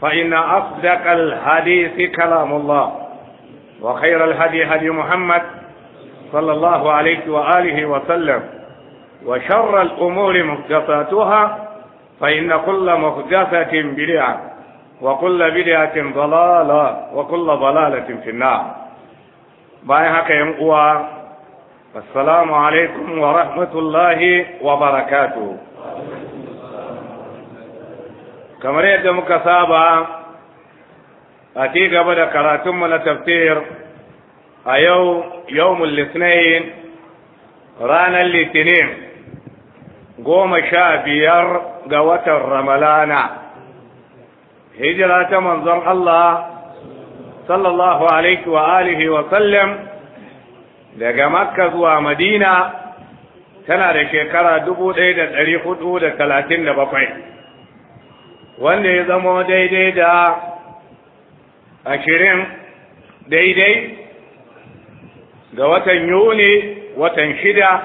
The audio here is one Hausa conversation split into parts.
فإن أصدق الحديث كلام الله وخير الهدي هدي محمد صلى الله عليه وآله وسلم وشر الأمور محدثاتها فإن كل محدثة بدعة وكل بدعة ضلالة وكل ضلالة في النار بايهاك ينقوى السلام عليكم ورحمة الله وبركاته kamar yadda muka saba a ci gaba da karatunmu na tafsir a yau yawmul litinin ranar litinin goma sha biyar ga watan ramalana hijira ta manzon Allah sallallahu alaihi wa alihi wa sallam daga makka zuwa madina tana da shekara dubu ɗaya da ɗari hudu da talatin da bakwai wanda ya zama daidai da ashirin daidai ga watan yuni watan shida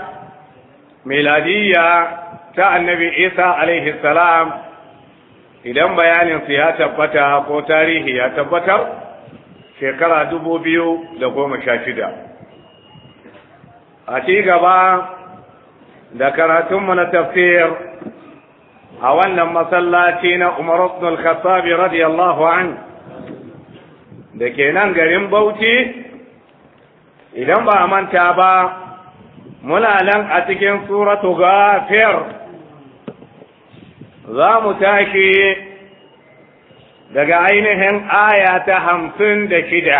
miladiyya ta annabi isa alaihi salam idan bayaninsu ya tabbata ko tarihi ya tabbatar shekara dubu biyu da goma sha shida a ci gaba da karatunmu na tafsir a wannan masallaci na Umar ibn al-Khattab radiyallahu an da ke nan garin Bauchi idan ba a manta ba muna nan a cikin suratu Ghafir za mu tashi daga ainihin aya ta hamsin da shida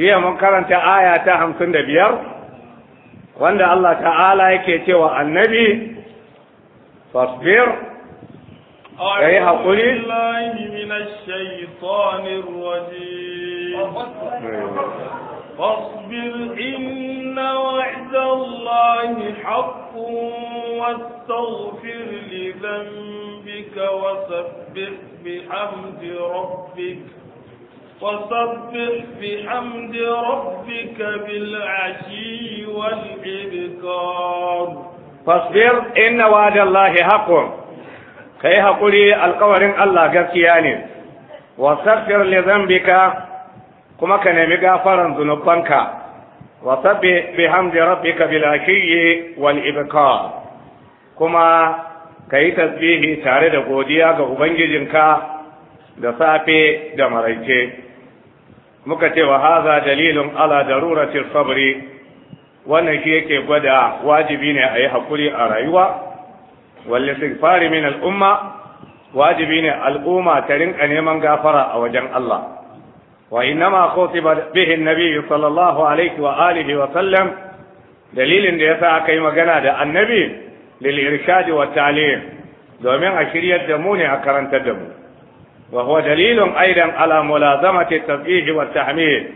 jiya mun karanta aya ta hamsin da biyar wanda Allah ta'ala yake cewa annabi فاصبر أعوذ إيه، إيه؟ بالله من الشيطان الرجيم إيه؟ فاصبر إن وعد الله حق واستغفر لذنبك وسبح بحمد ربك وسبح بحمد ربك بالعشي والإبكار fasbir inna wa'dallahi haqqun kai hakuri alƙawarin Allah gaskiya ne wasaffir li dhanbika kuma ka nemi gafaran zunubanka wasabbi bihamdi rabbika bil ashiyyi wal ibkar kuma kai tasbihi tare da godiya ga ubangijinka da safe da maraice muka ce wa dalilin dalilun ala darurati sabri wannan shi yake gwada wajibi ne a yi haƙuri a rayuwa walle sigfari min al'umma wajibi ne al'umma ta rinka neman gafara a wajen Allah wa innama khutiba bihi nabi sallallahu alaihi wa alihi wa sallam dalilin da yasa aka yi magana da annabi lil irshad wa ta'lim domin a shiryar da mu ne a karantar da mu wa huwa dalilun aidan ala mulazamati at-tasbih wa tahmid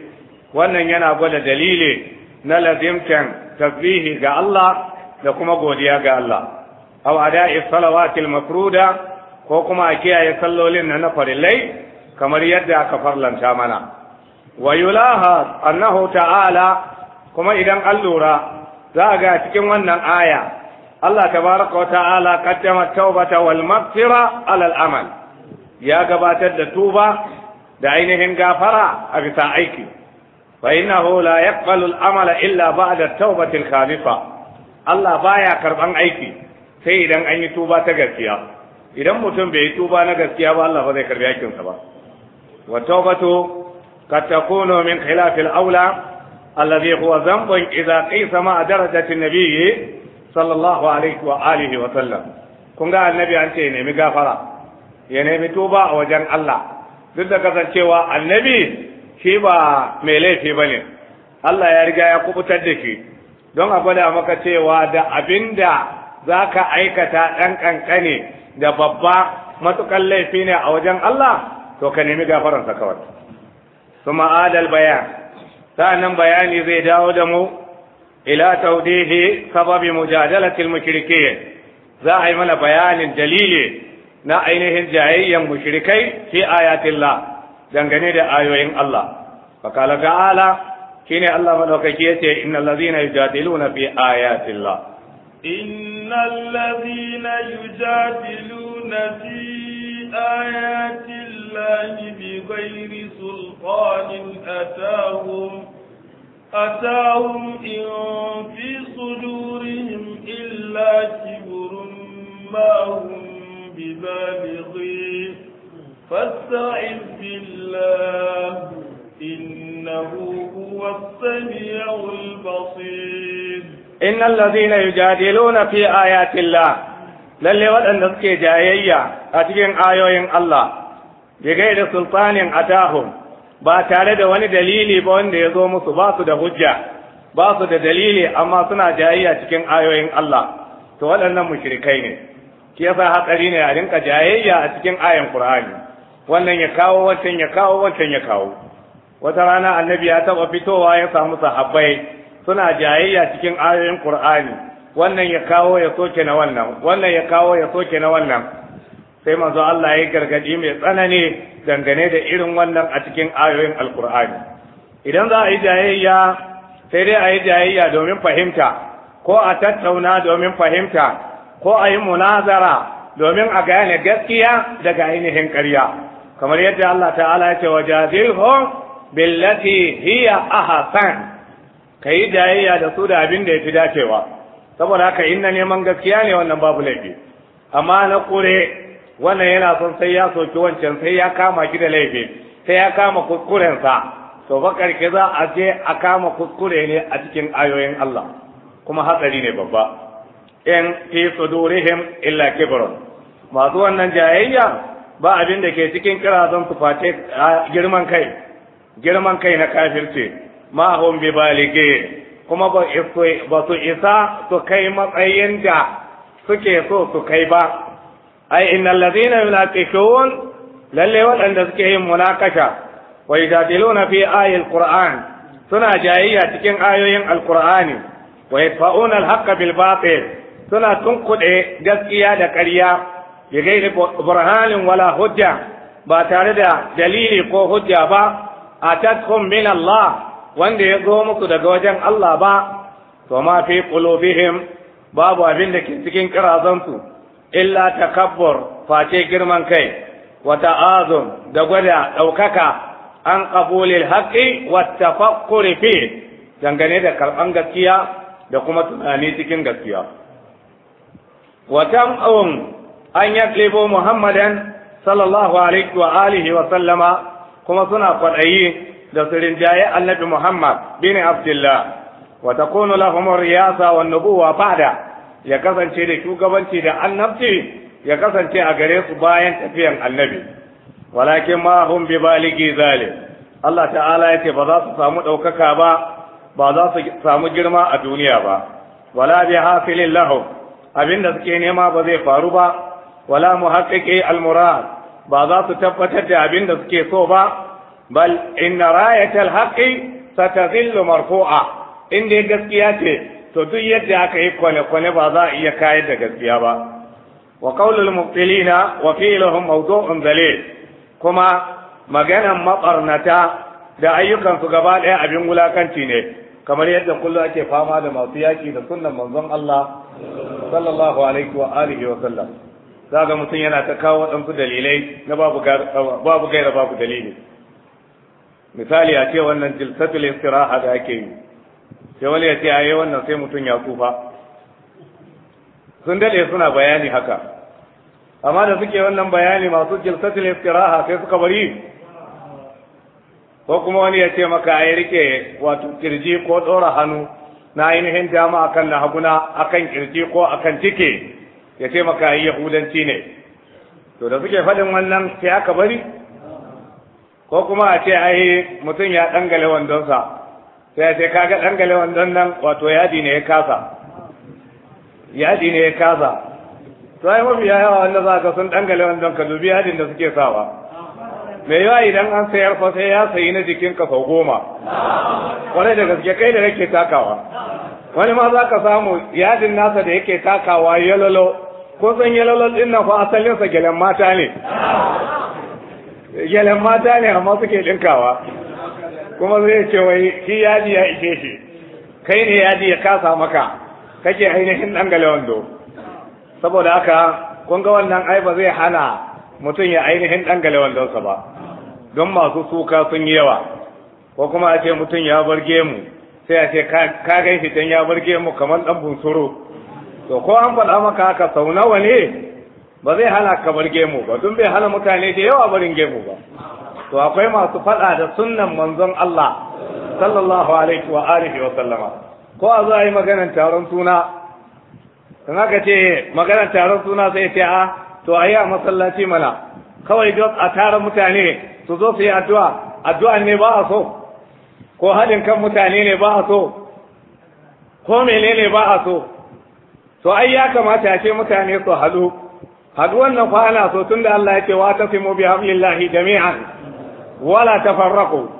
wannan yana gwada dalili na lazimtan tasbihi ga Allah da kuma godiya ga Allah aw ada'i salawatil makruda ko kuma a kiyaye sallolin na na farillai kamar yadda aka farlanta mana wa yulaha annahu ta'ala kuma idan an lura za a ga cikin wannan aya Allah tabaraka ta'ala qaddama tawbata wal maghfira ala al amal ya gabatar da tuba da ainihin gafara a bisa aiki fa innahu la amala illa ba'da tawbatil khalifa Allah baya karban aiki sai idan an yi tuba ta gaskiya idan mutum bai yi tuba na gaskiya ba Allah ba zai karbi aikin ba wa tawbatu kad takunu min khilaf al-awla alladhi huwa dhanbun idha qisa ma darajati an-nabiy sallallahu alaihi wa wa sallam kun ga annabi an ce nemi gafara ya nemi tuba a wajen Allah duk da kasancewa annabi shi ba mai laifi ba ne Allah ya riga ya kubutar da shi don a gwada maka cewa da abin da za ka aikata ɗan ƙanƙane da babba matuƙan laifi ne a wajen Allah to ka nemi gafaransa kawai kuma adal bayan sa'annan bayani zai dawo da mu ila taudihi sababi mujadalatil mushrikin za a yi mana bayanin dalili na ainihin jayayyen mushrikai fi ayatillah dangane da ayoyin Allah fakala ta'ala shine Allah madaukaki yace innal ladhina yujadiluna fi ayati Allah innal ladhina yujadiluna fi ayati Allah bighairi sulqanin atahum أتاهم إن في صدورهم إلا كبر ما هم ببالغين فاستعن بالله إنه هو السميع البصير إن الذين يجادلون في آيات الله للي waɗanda suke jayayya a cikin ayoyin Allah bi gaida sultanin ba tare da wani dalili ba wanda ya zo musu ba su da hujja ba su da dalili amma suna jayayya cikin ayoyin Allah to waɗannan mushrikai ne shi yasa hatsari ne a rinka jayayya a cikin ayan Qur'ani wannan ya kawo wancan ya kawo wancan ya kawo wata rana annabi ya taba fitowa ya samu sahabbai suna jayayya cikin ayoyin qur'ani wannan ya kawo ya soke na wannan wannan ya kawo ya soke na wannan sai manzo Allah ya gargadi mai tsanani dangane da irin wannan a cikin ayoyin alqur'ani idan za a yi jayayya sai dai a yi jayayya domin fahimta ko a tattauna domin fahimta ko a yi munazara domin a gane gaskiya daga ainihin ƙarya kamar yadda Allah ta'ala ya ce wajadilhum billati hiya ahsan kai dayayya da su da abin da yafi dacewa saboda haka inna neman gaskiya ne wannan babu laifi amma na kure wannan yana son sai ya soki wancan sai ya kama ki da laifi sai ya kama kuskurensa to fa karke za a je a kama kuskure ne a cikin ayoyin Allah kuma hatsari ne babba in fi sudurihim illa kibrun masu wannan jayayya ba abin da ke cikin kirazan su face girman kai girman kai na kafirce ma hum bi balige kuma ba su isa su kai matsayin da suke so su kai ba ai innal ladina yunafiqun lalle waɗanda suke yin munakasha wa yajadiluna fi ayil qur'an suna jayayya cikin ayoyin alqur'ani wa yadfa'una alhaqqa bil batil suna tunkuɗe gaskiya da ƙarya bi ghairi wala hujja ba tare da dalili ko hujja ba atatkum min Allah wanda ya zo muku daga wajen Allah ba to ma fi babu abin da ke cikin kirazansu illa takabbur face girman kai wa ta'azum da gwada ɗaukaka an qabulil haƙƙi wa tafakkuri fi dangane da karɓan gaskiya da kuma tunani cikin gaskiya wa tam'un an yaklibu muhammadan sallallahu alaihi wa alihi wa sallama kuma suna kwaɗayi da su rinjaye annabi muhammad bin abdullah wa takunu lahum riyasa wan nubuwa ba'da ya kasance da shugabanci da annabci ya kasance a gare su bayan tafiyan annabi walakin ma hum bi baligi zalim Allah ta'ala ce ba za su samu ɗaukaka ba ba za su samu girma a duniya ba wala bi hafilin lahum abinda suke nema ba zai faru ba wala muhaqqiqi al-murad ba za su tabbatar da abin da suke so ba bal inna rayatal haqqi satazillu marfu'a inda gaskiya ce to duk yadda aka yi kwane-kwane ba za a iya kayar da gaskiya ba wa qaulul mubtilina wa fi'luhum mawdu'un kuma maganan mabarnata da ayyukansu gaba ɗaya abin wulakanci ne kamar yadda kullum ake fama da masu yaƙi da sunnan manzon Allah sallallahu alaihi wa alihi wa sallam za ga mutum yana ta kawo waɗansu dalilai na babu gaira babu dalili misali a ce wannan jilsatul istiraha da ake yi sai wani ya ce ayi wannan sai mutum ya tsufa sun dade suna bayani haka amma da suke wannan bayani masu jilsatul istiraha sai suka bari ko kuma wani ya ce maka yi rike wato kirji ko ɗora hannu na ainihin dama akan na haguna akan kirji ko akan cike ya ce maka yi yahudanci ne to da suke faɗin wannan sai aka bari ko kuma a ce ai mutum ya ɗangale wandonsa sai a ce kaga ɗangale wandon nan wato yadi ne ya kasa yadi ne ya kasa to ai mafi yawa wanda za ka sun ɗangale wandon ka dubi yadin da suke sawa Me yawa idan an sayar fa sai ya sayi na jikin ka sau goma wani da gaske kai da kake takawa wani ma za ka samu yadin nasa da yake takawa yalolo ko san yalalal din nan fa asalin sa gelen mata ne gelen mata ne amma suke dinkawa kuma zai ce wai shi yadi ya ishe shi kai ne yadi ya kasa maka kake ainihin dan do saboda haka kun ga wannan ai ba zai hana mutum ya ainihin dan sa ba don masu suka sun yi yawa ko kuma a ce mutum ya barge mu, sai a ce ka gan shi ya barge mu kamar dan bunsuru to ko an faɗa maka haka sau nawa ne ba zai hana ka bar gemu ba don bai hana mutane da yawa barin gemu ba to akwai masu faɗa da sunnan manzon Allah sallallahu alaihi wa alihi wa sallama ko a zo a yi maganar taron suna kan aka ce maganar taron suna sai ce a ah, to a yi a masallaci mana kawai don a tara mutane su zo su yi addu'a addu'a ne ba a so ko haɗin kan mutane ne ba a so ko menene ba a so to ai ya kamata ce mutane su hadu hadu wannan fa ana so tunda Allah ya ce wa mu bi hablillahi jami'an wala tafarraqu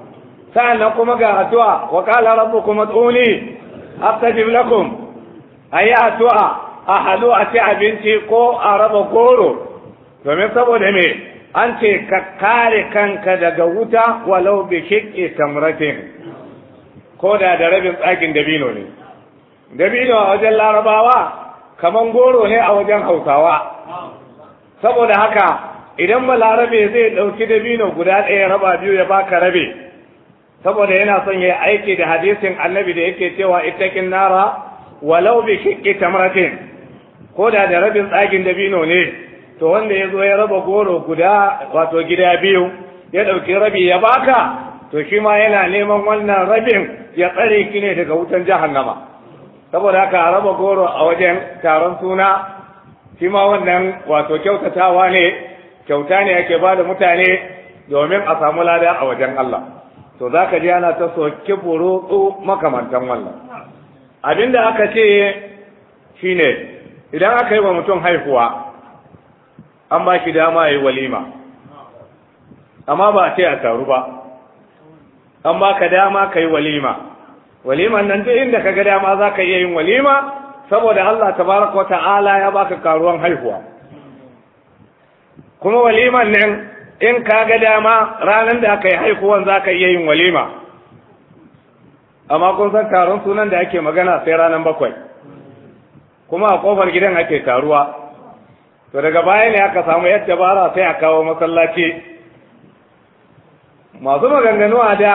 sa'annan kuma ga addu'a wa qala rabbukum ud'uni astajib lakum ayi addu'a a hadu a ci abinci ko a raba goro domin saboda me an ce ka kare kanka daga wuta walau bi shiqqi tamratin ko da da rabin tsakin dabino ne dabino a wajen larabawa kaman goro ne a wajen hausawa saboda haka idan balarabe zai ɗauki dabino guda ɗaya raba biyu ya baka rabe saboda yana son ya aiki da hadisin annabi da yake cewa ittakin nara walau bi shiqqi tamratin ko da da rabin tsagin dabino ne to wanda ya zo ya raba goro guda wato gida biyu ya ɗauki rabi ya baka to shi ma yana neman wannan rabin ya tsare ki ne daga wutan jahannama saboda haka raba goro a wajen taron suna shi ma wannan wato kyautatawa ne kyauta ne ake ba da mutane domin a samu lada a wajen Allah to za ka ji ana ta soke burutsu makamantan wannan abin da aka ce shi ne idan aka yi wa mutum haihuwa an ba shi dama ya yi walima amma ba a ce a taru ba an ba ka dama ka yi walima waliman nan duk inda ka ga dama za ka iya yin walima saboda Allah tabaraka ta'ala ya baka karuwan haihuwa kuma waliman nan in ka ga dama ranar da aka yi haihuwan za ka iya yin walima amma kun san taron sunan da ake magana sai ranar bakwai kuma a kofar gidan ake karuwa, to daga baya ne aka samu yadda bara sai a kawo masallaci masu maganganu a da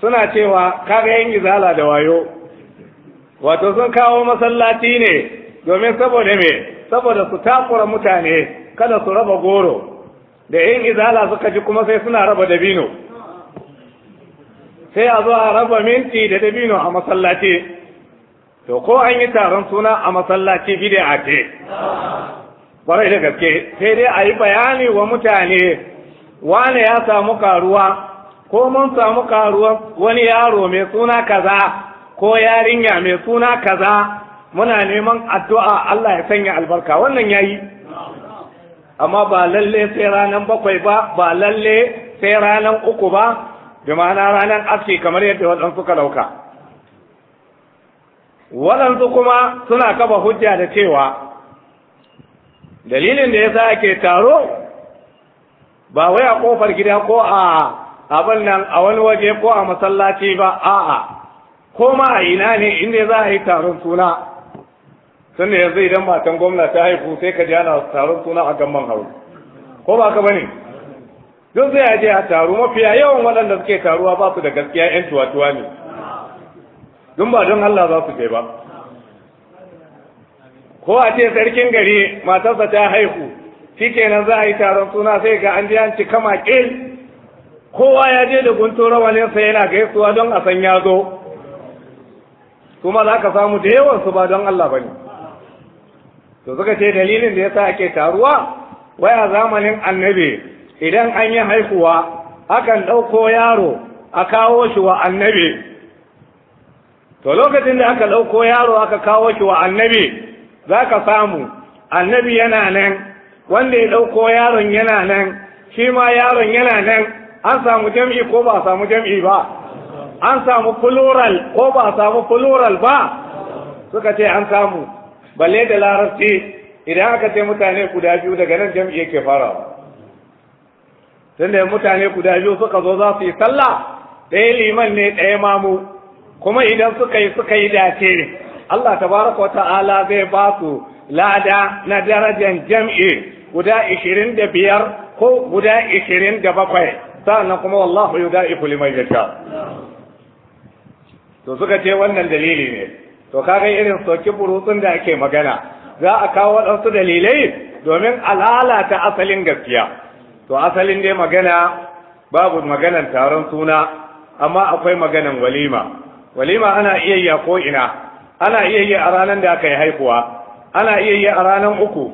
suna cewa kaga yan izala da wayo wato sun kawo masallaci ne domin saboda me saboda su takura mutane kada su raba goro da yan izala suka ji kuma sai suna raba dabino sai a zo a raba minti da dabino a masallaci to ko an yi taron suna a masallaci bid'a ce kwarai da gaske sai dai a yi bayani wa mutane wane ya samu karuwa ko mun samu karuwa wani yaro mai suna kaza ko yarinya mai suna kaza muna neman addu'a Allah ya sanya albarka wannan yayi amma ba lalle sai ranan bakwai ba ba lalle sai ranan uku ba bi ma'ana ranan aski kamar yadda waɗansu suka dauka waɗansu kuma suna kafa hujja da cewa dalilin da yasa ake taro ba wai a kofar gida ko a abin nan a wani waje ko a masallaci ba a'a ko ma a ina ne inda za a yi taron suna sun da yanzu idan matan gwamna ta haihu sai ka jana su taron suna a gamban hau ko ba ka bane duk zai aje a taro mafiya yawan waɗanda suke taruwa ba su da gaskiya yan tuwatuwa ne Don ba don Allah za su je ba ko a ce sarkin gari matarsa ta haihu shikenan za a yi taron suna sai ga an ji an ci kama ƙil kowa ya je da guntun rawaninsa yana gaisuwa don a san ya zo kuma za ka samu da yawan su ba don Allah ba ne to suka ce dalilin da ya yasa ake taruwa waya zamanin annabi idan an yi haihuwa akan ɗauko yaro a kawo shi wa annabi to lokacin da aka ɗauko yaro aka kawo shi wa annabi za ka samu annabi yana nan wanda ya ɗauko yaron yana nan shi ma yaron yana nan an samu jam'i ko ba a samu jam'i ba an samu plural ko ba a samu plural ba suka ce an samu balle da larabci idan aka ce mutane guda biyu daga nan jam'i yake farawa tunda mutane guda biyu suka zo za su yi sallah ɗaya liman ne ɗaya mamu kuma idan suka yi suka yi dace Allah tabaraka wa ta'ala zai ba su lada na darajar jam'i guda ishirin da biyar ko guda ishirin da bakwai sa'annan kuma wallahu yudaifu liman yasha to suka ce wannan dalili ne to kaga irin soki burutsun da ake magana za a kawo waɗansu dalilai domin alalata asalin gaskiya to asalin dai magana babu maganan taron suna amma akwai maganan walima walima ana iya yi a ko'ina ana iya yi a ranar da aka yi haihuwa ana iya yi a ranar uku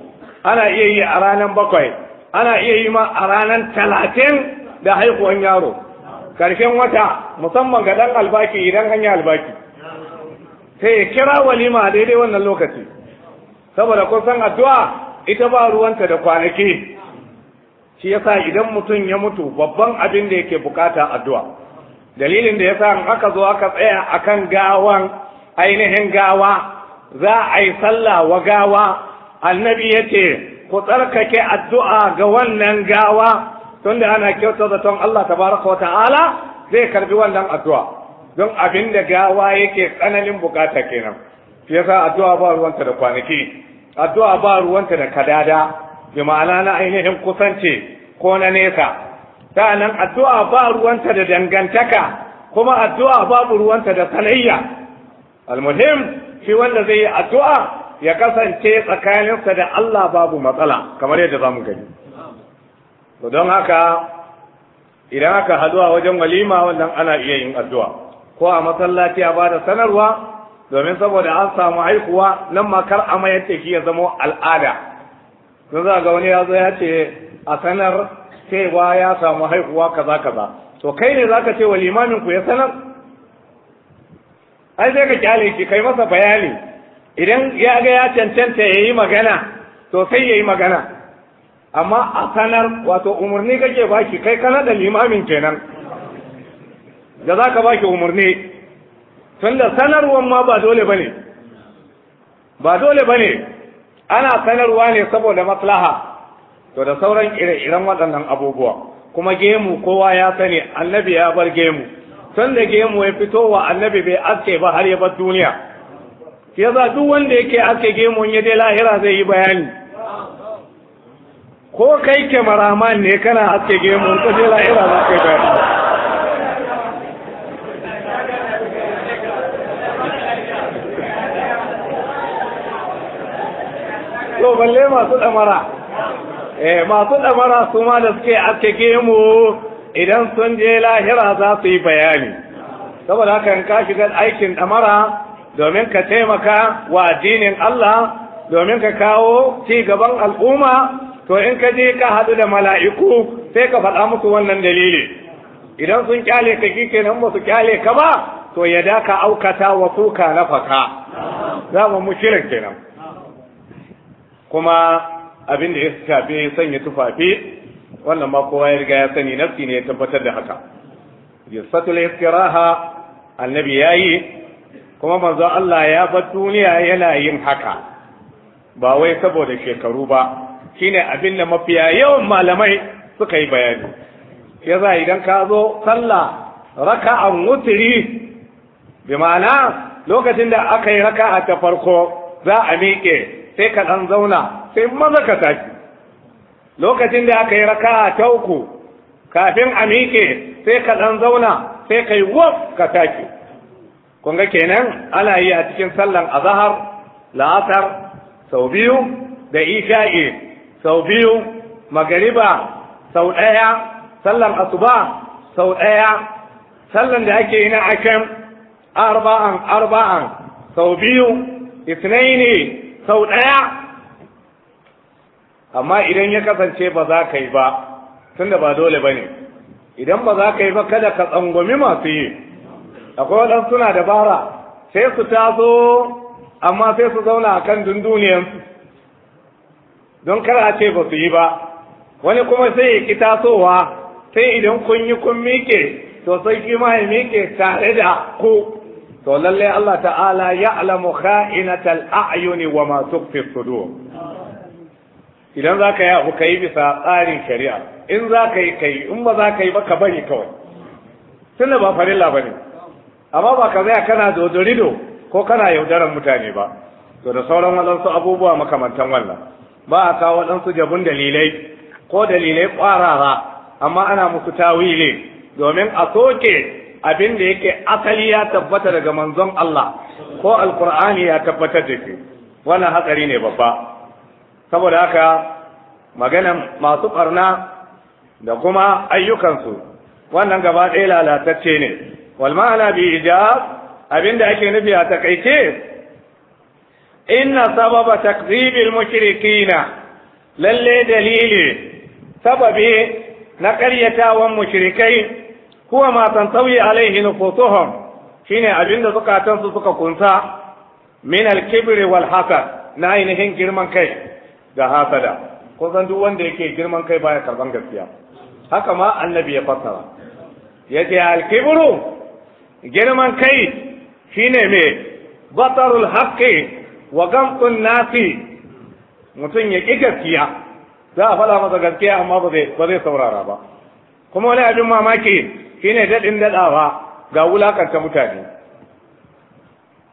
ana iya yi a ranar bakwai ana iya yi ma a ranar talatin da haihuwan yaro karshen wata musamman ga dan albaki idan an yi albaki sai ya kira walima daidai wannan lokaci saboda kun san addu'a ita ba ruwanta da kwanaki shi yasa idan mutum ya mutu babban abin da yake bukata addu'a dalilin da yasa in aka zo aka tsaya akan gawan ainihin gawa za a yi sallah wa gawa annabi yace ku tsarkake addu'a ga wannan gawa tunda ana kyauta zaton Allah tabaraka wa ta'ala zai karbi wannan addu'a don abin da gawa yake tsananin bukata kenan shi yasa addu'a ba ruwanta da kwanaki addu'a ba ruwanta da kadada bi ma'ana na ainihin kusance ko na nesa sa'annan addu'a ba ruwanta da dangantaka kuma addu'a babu ruwanta da sanayya almuhim shi wanda zai yi addu'a ya kasance tsakaninsa da Allah babu matsala kamar yadda zamu gani to don haka idan aka haɗu a wajen walima wannan ana iya yin addu'a ko a masallaci a bada sanarwa domin saboda an samu haihuwa nan ma kar a mayar ya zama al'ada sun za ga wani ya zo ya ce a sanar cewa ya samu haihuwa kaza kaza to kai ne zaka ce wa limamin ku ya sanar ai sai ka kyale ki kai masa bayani idan ya ga ya cancanta yayi magana to sai yayi magana amma a sanar wato umarni kake baki kai kana da limamin kenan da za ka baki umarni da sanarwan ma ba dole ba ne, ba dole ba ne ana sanarwa ne saboda maslaha to da sauran ire-iren waɗannan abubuwa kuma gemu kowa ya sani annabi ya bar gemu tun da gemu ya fito wa annabi bai aske ba har ya bar duniya za duk wanda yake aske gemu ya dai lahira zai yi bayani ko kai kyamaraman ne kana haske gemu ka je la'ira za ka yi to balle masu damara eh masu damara su ma da suke haske gemu idan sun je lahira za su yi bayani saboda haka ka shiga aikin damara domin ka taimaka wa addinin Allah domin ka kawo ci gaban al'umma to in ka je ka haɗu da mala'iku sai ka faɗa musu wannan dalili idan sun kyale ka kike nan ba su kyale ka ba to ya da ka aukata wa kuka na faka za mu mushirin kenan kuma abin da ya shafi sanya tufafi wannan ma kowa ya riga ya sani nafsi ne ya tabbatar da haka jisatul iftiraha annabi yayi kuma manzo Allah ya bar duniya yana yin haka ba wai saboda shekaru ba shine abin da mafiya yawan malamai suka yi bayani ya za idan ka zo sallah raka'an wutiri bi ma'ana lokacin da aka yi raka'a ta farko za a miƙe sai ka ɗan zauna sai maza ka tashi lokacin da aka yi raka'a ta uku kafin a miƙe sai ka ɗan zauna sai ka yi ka tashi kun ga kenan ana yi a cikin sallan azahar la'asar sau biyu da isha'i sau biyu magariba sau ɗaya sallan asuba sau ɗaya sallan da ake yi na akan arba'an arba'an sau biyu ne sau ɗaya amma idan ya kasance ba za ka yi ba tunda ba dole ba ne idan ba za ka yi ba kada ka tsangwami masu yi akwai waɗansu suna dabara sai su taso amma sai su zauna a kan dunduniyansu don kar a ce ba su yi ba wani kuma sai ya ki tasowa sai idan kun yi kun miƙe to sai shi ma ya miƙe tare da ku to lallai Allah ta'ala ya alamu kha'inatal a'yuni wa ma tukfi sudur idan za ka yi abu ka yi bisa tsarin shari'a in za yi ka in ba za ka yi ba ka bari kawai tunda ba farilla ba ne amma ba ka zaya kana dodorido ko kana yaudaran mutane ba to da sauran waɗansu abubuwa makamantan wannan ba a kawo waɗansu jabun dalilai ko dalilai ƙwarara amma ana musu tawili domin a soke abin da yake asali ya tabbata daga manzon Allah ko alkur'ani ya tabbatar da shi wannan hatsari ne babba saboda haka maganan masu ɓarna da kuma ayyukansu wannan gaba ɗaya lalatacce ne wal ma'ana bi ijab abin da ake nufi a takaice inna sababa takzibil mushrikina lalle dalili sababi na karyatawan mushrikai huwa ma tantawi alaihi nufusuhum shine abinda zukatansu suka kunsa min al-kibri wal hasad na ainihin girman kai da hasada ko san duk wanda yake girman kai baya karban gaskiya haka ma annabi ya fassara yace al-kibru girman kai shine me batarul haqqi wa gamtun nasi mutum ya ƙi gaskiya za a faɗa masa gaskiya amma ba zai saurara ba kuma wani abin mamaki shine daɗin daɗawa ga wulakanta mutane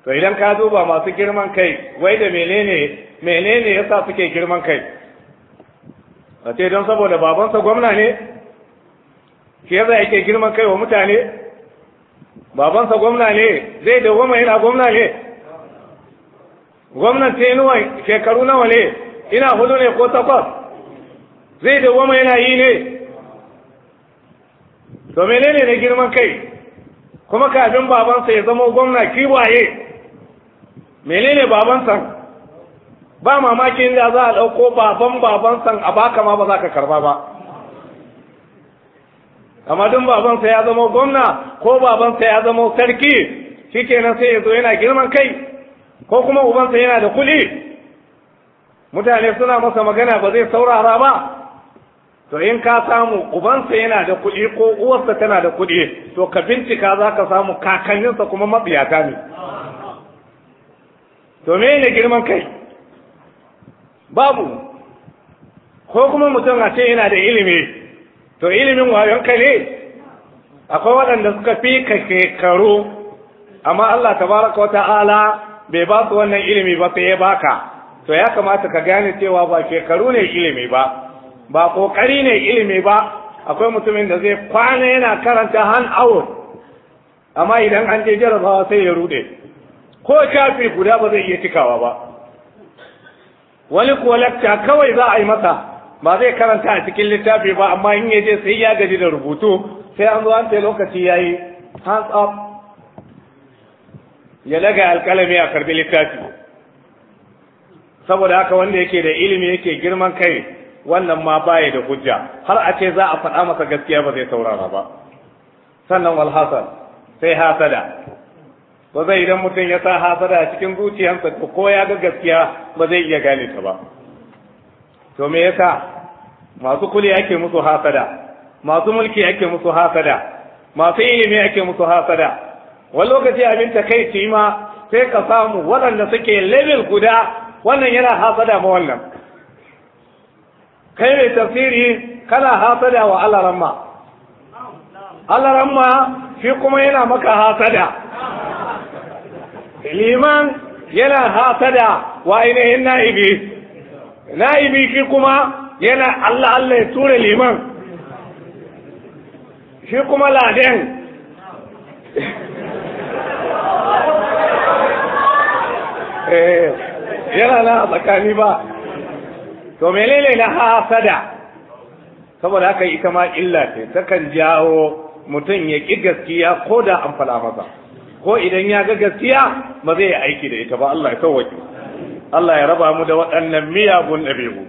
to idan ka duba masu girman kai wai da menene menene yasa suke girman kai a ce don saboda babansa gwamna ne shi yasa yake girman kai wa mutane babansa gwamna ne zai dawwama yana gwamna ne gwamnan nawa shekaru nawa ne ina hudu ne ko takwas zai goma yana yi ne to menene na girman kai kuma kafin babansa ya zama gwamna kiwaye menene babansa ba mamaki inda za a ɗauko baban babansa a baka ma ba za ka karba ba amma dun babansa ya zama gwamna ko babansa ya zama sarki Shi kenan sai ya zo yana girman kai ko kuma ubansa yana da kuɗi mutane suna masa magana ba zai saurara ba to in ka samu ubansa yana da kuɗi ko uwarsa tana da kuɗi to ka bincika za ka samu kakanninsa kuma matsiyata ne to me ne girman kai babu ko kuma mutum a ce yana da ilimi to ilimin wayon kai ne akwai waɗanda suka fi ka shekaru amma Allah tabaraka wa ta'ala bai ba su wannan ilimi ba sai ya baka to ya kamata ka gane cewa ba shekaru ne ilimi ba ba kokari ne ilimi ba akwai mutumin da zai kwana yana karanta han hour amma idan an je jarabawa sai ya rude ko shafi guda ba zai iya cikawa ba wani kuwa lakta kawai za a yi masa ba zai karanta a cikin littafi ba amma in ya je sai ya gaji da rubutu sai an zo an lokaci ya yi hands up ya laga alkalami a karbi littafi saboda haka wanda yake da ilimi yake girman kai wannan ma baya da hujja har a ce za a faɗa masa gaskiya ba zai saurara ba sannan walhasan sai hasada ba zai idan mutum ya sa hasada a cikin zuciyarsa ko ko ya ga gaskiya ba zai iya gane ta ba to me yasa masu kuli ake musu hasada masu mulki ake musu hasada masu ilimi ake musu hasada wani lokaci abin ta kai ci ma sai ka samu waɗanda suke level guda wannan yana hasada ma wannan kai mai tafsiri kana hasada wa Allah ramma Allah ramma shi kuma yana maka hasada liman yana hasada wa ainihin na'ibi na'ibi shi kuma yana Allah Allah ya tura liman shi kuma laden Eh, yana na a tsakani ba to menene na hasada saboda haka ita ma illa ce takan jawo mutum ya ƙi gaskiya ko da an faɗa masa ko idan ya ga gaskiya ba zai aiki da ita ba Allah ya sauwaki Allah ya raba mu da waɗannan miyagun ɗabi'u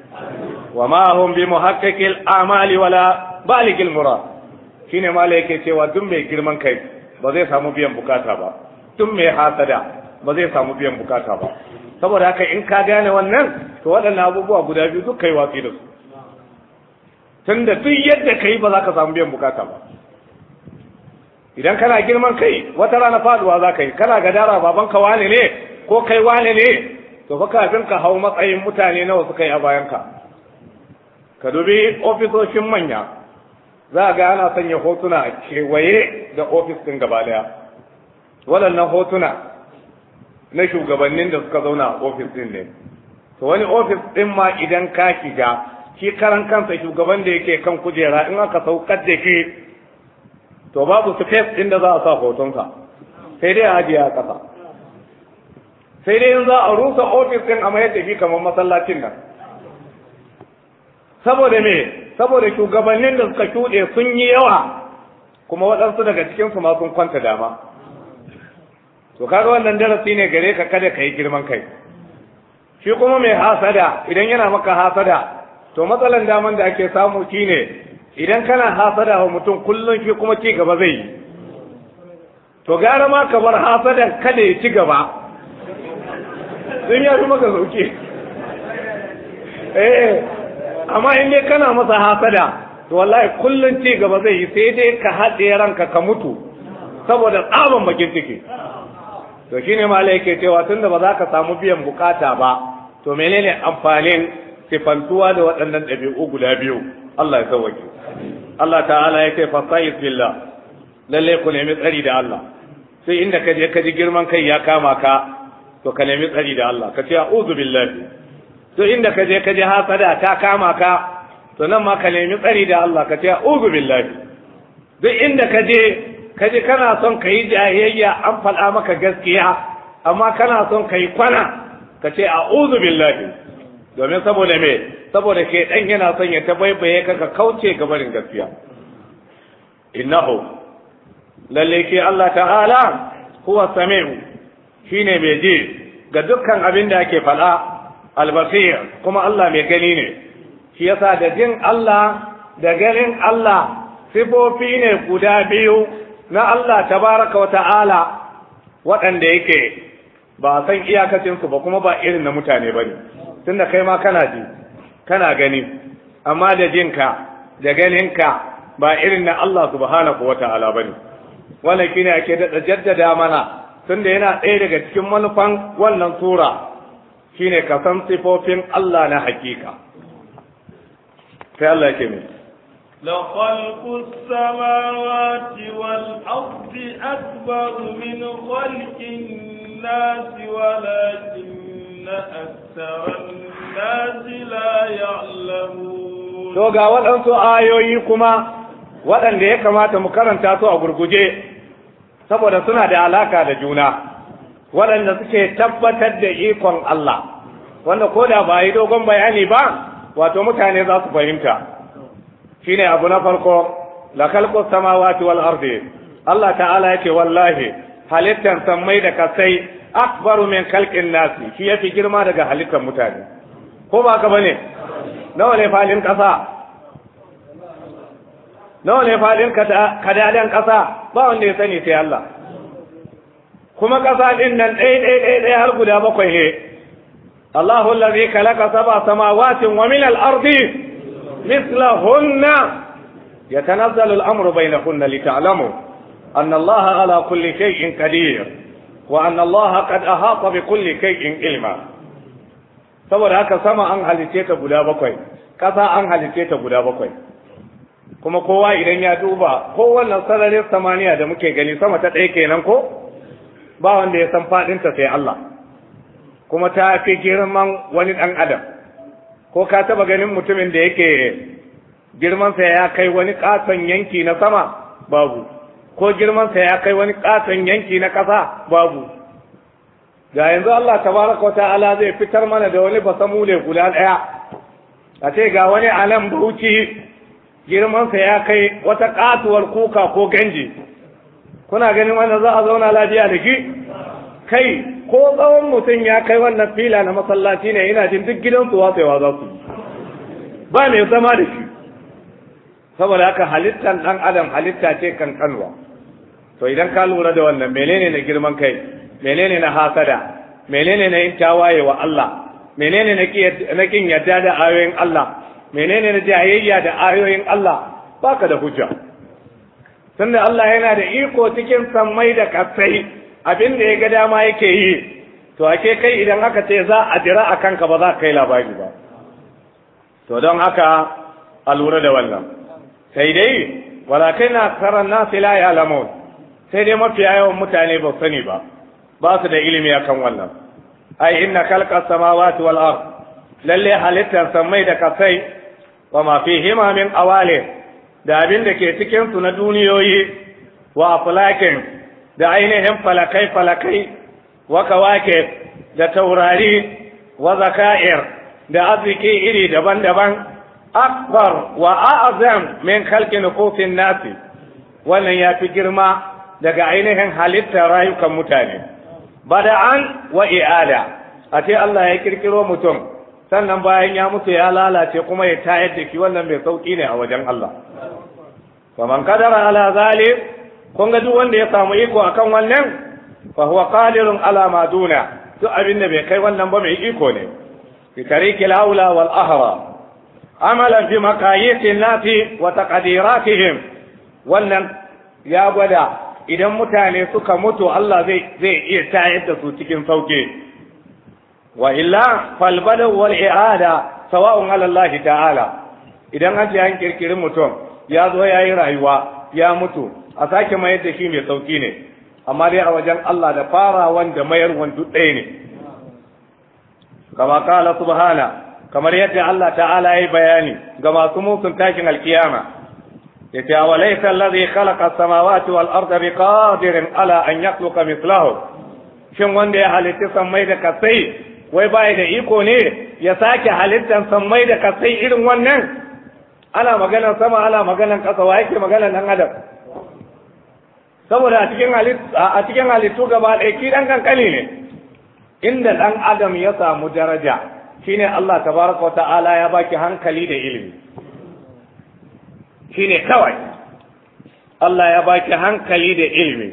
wa ma hum bi muhaqqiqil amali wala baligil murad shine malaike cewa duk mai girman kai ba zai samu biyan bukata ba duk mai hasada ba zai samu biyan bukata ba saboda haka in ka gane wannan to waɗannan abubuwa guda biyu duk kai watsi da su tunda duk yadda kai ba za ka samu biyan bukata ba idan kana girman kai wata rana faduwa za ka yi kana gadara baban ka wane ne ko kai wane ne to fa kafin ka hau matsayin mutane nawa suka yi a bayan ka ka dubi ofisoshin manya za ga ana sanya hotuna kewaye da ofis ɗin gaba daya waɗannan hotuna na shugabannin da suka zauna a ofis din ne to wani ofis din ma idan ka shiga shi karan kansa shugaban da yake kan kujera in aka saukar da ke to babu space din da za a sa hotonsa sai dai a ajiye a ƙasa sai dai in za a rusa ofis din a mayar da shi kamar masallacin nan saboda me saboda shugabannin da suka shuɗe sun yi yawa kuma waɗansu daga cikinsu ma sun kwanta dama to kaga wannan darasi ne gare ka kada ka yi girman kai shi kuma mai hasada idan yana maka hasada to matsalan daman da ake samu shine idan kana hasada wa mutum kullum shi kuma ci gaba zai yi to gara ma ka bar hasada kada ya ci gaba sun ya fi maka sauke eh amma in dai kana masa hasada to wallahi kullum ci gaba zai yi sai dai ka haɗe ranka ka mutu saboda tsaban bakin ciki to shine malai yake cewa tunda ba za ka samu biyan bukata ba to menene amfanin sifantuwa da waɗannan ɗabi'u guda biyu Allah ya sauwake Allah ta'ala ya yake fasayis billah lalle ku nemi tsari da Allah sai inda ka je ka ji girman kai ya kama ka to ka nemi tsari da Allah ka ce a'udhu billahi to inda ka je ka ji hasada ta kama ka to nan ma ka nemi tsari da Allah ka ce a'udhu billahi duk inda ka je kaje kana son ka yi jayayya an faɗa maka gaskiya amma kana son ka yi kwana ka ce a'udhu billahi domin saboda me saboda ke dan yana son ya tabaibaye ka ka kauce ga barin gaskiya innahu lalle ke Allah ta'ala huwa sami'u shine mai ji ga dukkan abin da ake faɗa albasir kuma Allah mai gani ne shi yasa da jin Allah da ganin Allah sifofi ne guda biyu na Allah tabaraka wa ta'ala waɗanda yake ba san iyakacinsu ba kuma ba irin na mutane ba ne da kai ma kana ji kana gani amma da jinka da ganinka ba irin na Allah subhanahu wa ta'ala ba ne wannan kina ake daɗa jaddada mana da yana ɗaya daga cikin manufan wannan tura shine ka san sifofin Allah na hakika sai Allah ya لخلق السماوات والأرض أكبر من خلق الناس ولكن أكثر الناس لا يعلمون to ga waɗansu ayoyi kuma waɗanda ya kamata mu karanta su a gurguje saboda suna da alaka da juna waɗanda suke tabbatar da ikon Allah wanda ko da ba yi dogon bayani ba wato mutane za su fahimta shine abu na farko la khalqu samawati wal ardi Allah ta'ala yake wallahi halittan sammai da kasai akbaru min khalqin nasi shi yafi girma daga halittan mutane ko ba ka bane nawa ne falin kasa nawa ne falin kadadan kasa ba wanda ya sani sai Allah kuma kasa din nan ɗaya ɗaya ɗaya har guda bakwai ne Allahu allazi khalaqa sab'a samawati wa min al-ardi مثلهن يتنزل الأمر بينهن لتعلموا أن الله على كل شيء قدير وأن الله قد أحاط بكل شيء علما saboda haka sama an halice ta guda bakwai ƙasa an halice ta guda bakwai kuma kowa idan ya duba kowanne sararin samaniya da muke gani sama ta ɗaya kenan ko ba wanda ya san faɗinta sai Allah kuma ta fi girman wani ɗan adam ko ka taba ganin mutumin da yake girmansa ya kai wani katon yanki na sama babu ko girmansa ya kai wani katon yanki na ƙasa babu ga yanzu Allah tabaraka wa ta'ala zai fitar mana da wani basamule guda ɗaya a ce ga wani alam bauchi girmansa ya kai wata katuwar kuka ko ganji kuna ganin wanda za a zauna lafiya da shi kai ko tsawon mutum ya kai wannan fila na masallaci ne yana jin duk gidansu watsewa za su ba mai zama da shi saboda haka halittan ɗan adam halitta ce kankanwa to idan ka lura da wannan menene na girman kai menene na hasada menene na yin tawaye wa Allah menene na kin yadda da ayoyin Allah menene na jayayya da ayoyin Allah baka da hujja tunda Allah yana da iko cikin sammai da kasai abin da ya ga dama yake yi to ake kai idan aka ce za a jira a kanka ba za ka kai labari ba to don haka a lura da wannan sai dai walakai na karan nasu la ya sai dai mafiya yawan mutane ba sani ba ba su da ilimi akan wannan ai inna kalka samawati wal ard lalle halittar samai da kasai wa ma fihima min awali da abin da ke cikin su na duniyoyi wa aflakin da ainihin falakai falakai wa kawakib da taurari wa zaka'ir da arziki iri daban-daban akbar wa a'azam min khalqi nufufin nasi wannan ya fi girma daga ainihin halittar rayukan mutane bada'an wa i'ada a ce Allah ya kirkiro mutum sannan bayan ya mutu ya lalace kuma ya tayar da ki wannan mai sauki ne a wajen Allah faman kadara ala zalim kun ga duk wanda ya samu iko akan wannan fa huwa qadirun ala ma duna duk abin da bai kai wannan ba mai iko ne fi tariqi al-aula wal ahra amalan fi maqayis nafi wata wa taqdiratihim wannan ya gwada idan mutane suka mutu Allah zai zai iya tayar da su cikin sauki wa illa fal badaw wal i'ada sawa'un ala Allah ta'ala idan an ji an kirkiri mutum ya zo ya yi rayuwa ya mutu a sake mayar da shi mai sauki ne amma dai a wajen Allah da farawan da mayar duk ɗaya ne kama kala subhana kamar yadda Allah ta'ala ya bayani ga masu musun takin alkiyama ya ce awalaysa allazi khalaqa samawati wal arda biqadirin ala an yakhluqa mithlahu shin wanda ya halitta sammai da kasai wai baya da iko ne ya sake halittan sammai da kasai irin wannan ana maganar sama ana maganar ƙasa wa yake maganar nan adam saboda a cikin halittu a cikin halittu gaba ɗaya ki dan kankani ne inda dan adam ya samu daraja shine Allah tabaraka wa ta'ala ya baki hankali da ilimi shine kawai Allah ya baki hankali da ilimi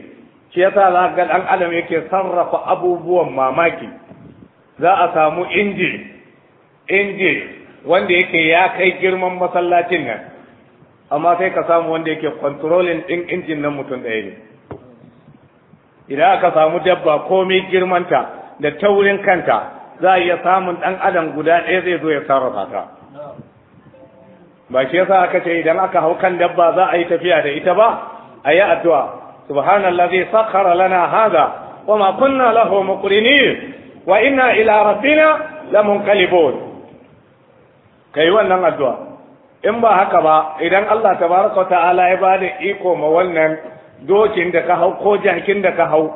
shi yasa za ga dan adam yake sarrafa abubuwan mamaki za a samu inji injin wanda yake ya kai girman masallacin nan amma sai ka samu wanda yake controlling ɗin injin nan mutum ɗaya ne idan aka samu dabba komai girmanta da taurin kanta za a iya samun ɗan adam guda ɗaya zai zo ya sarrafa ta ba shi yasa aka ce idan aka hau kan dabba za a yi tafiya da ita ba a yi addu'a subhanallah zai sakhara lana haza wa ma kunna lahu muqrini wa inna ila rabbina lamunqalibun kai wannan addu'a in ba haka ba idan Allah tabaraka ta'ala ya ba da iko ma wannan dokin da ka hau ko jakin da ka hau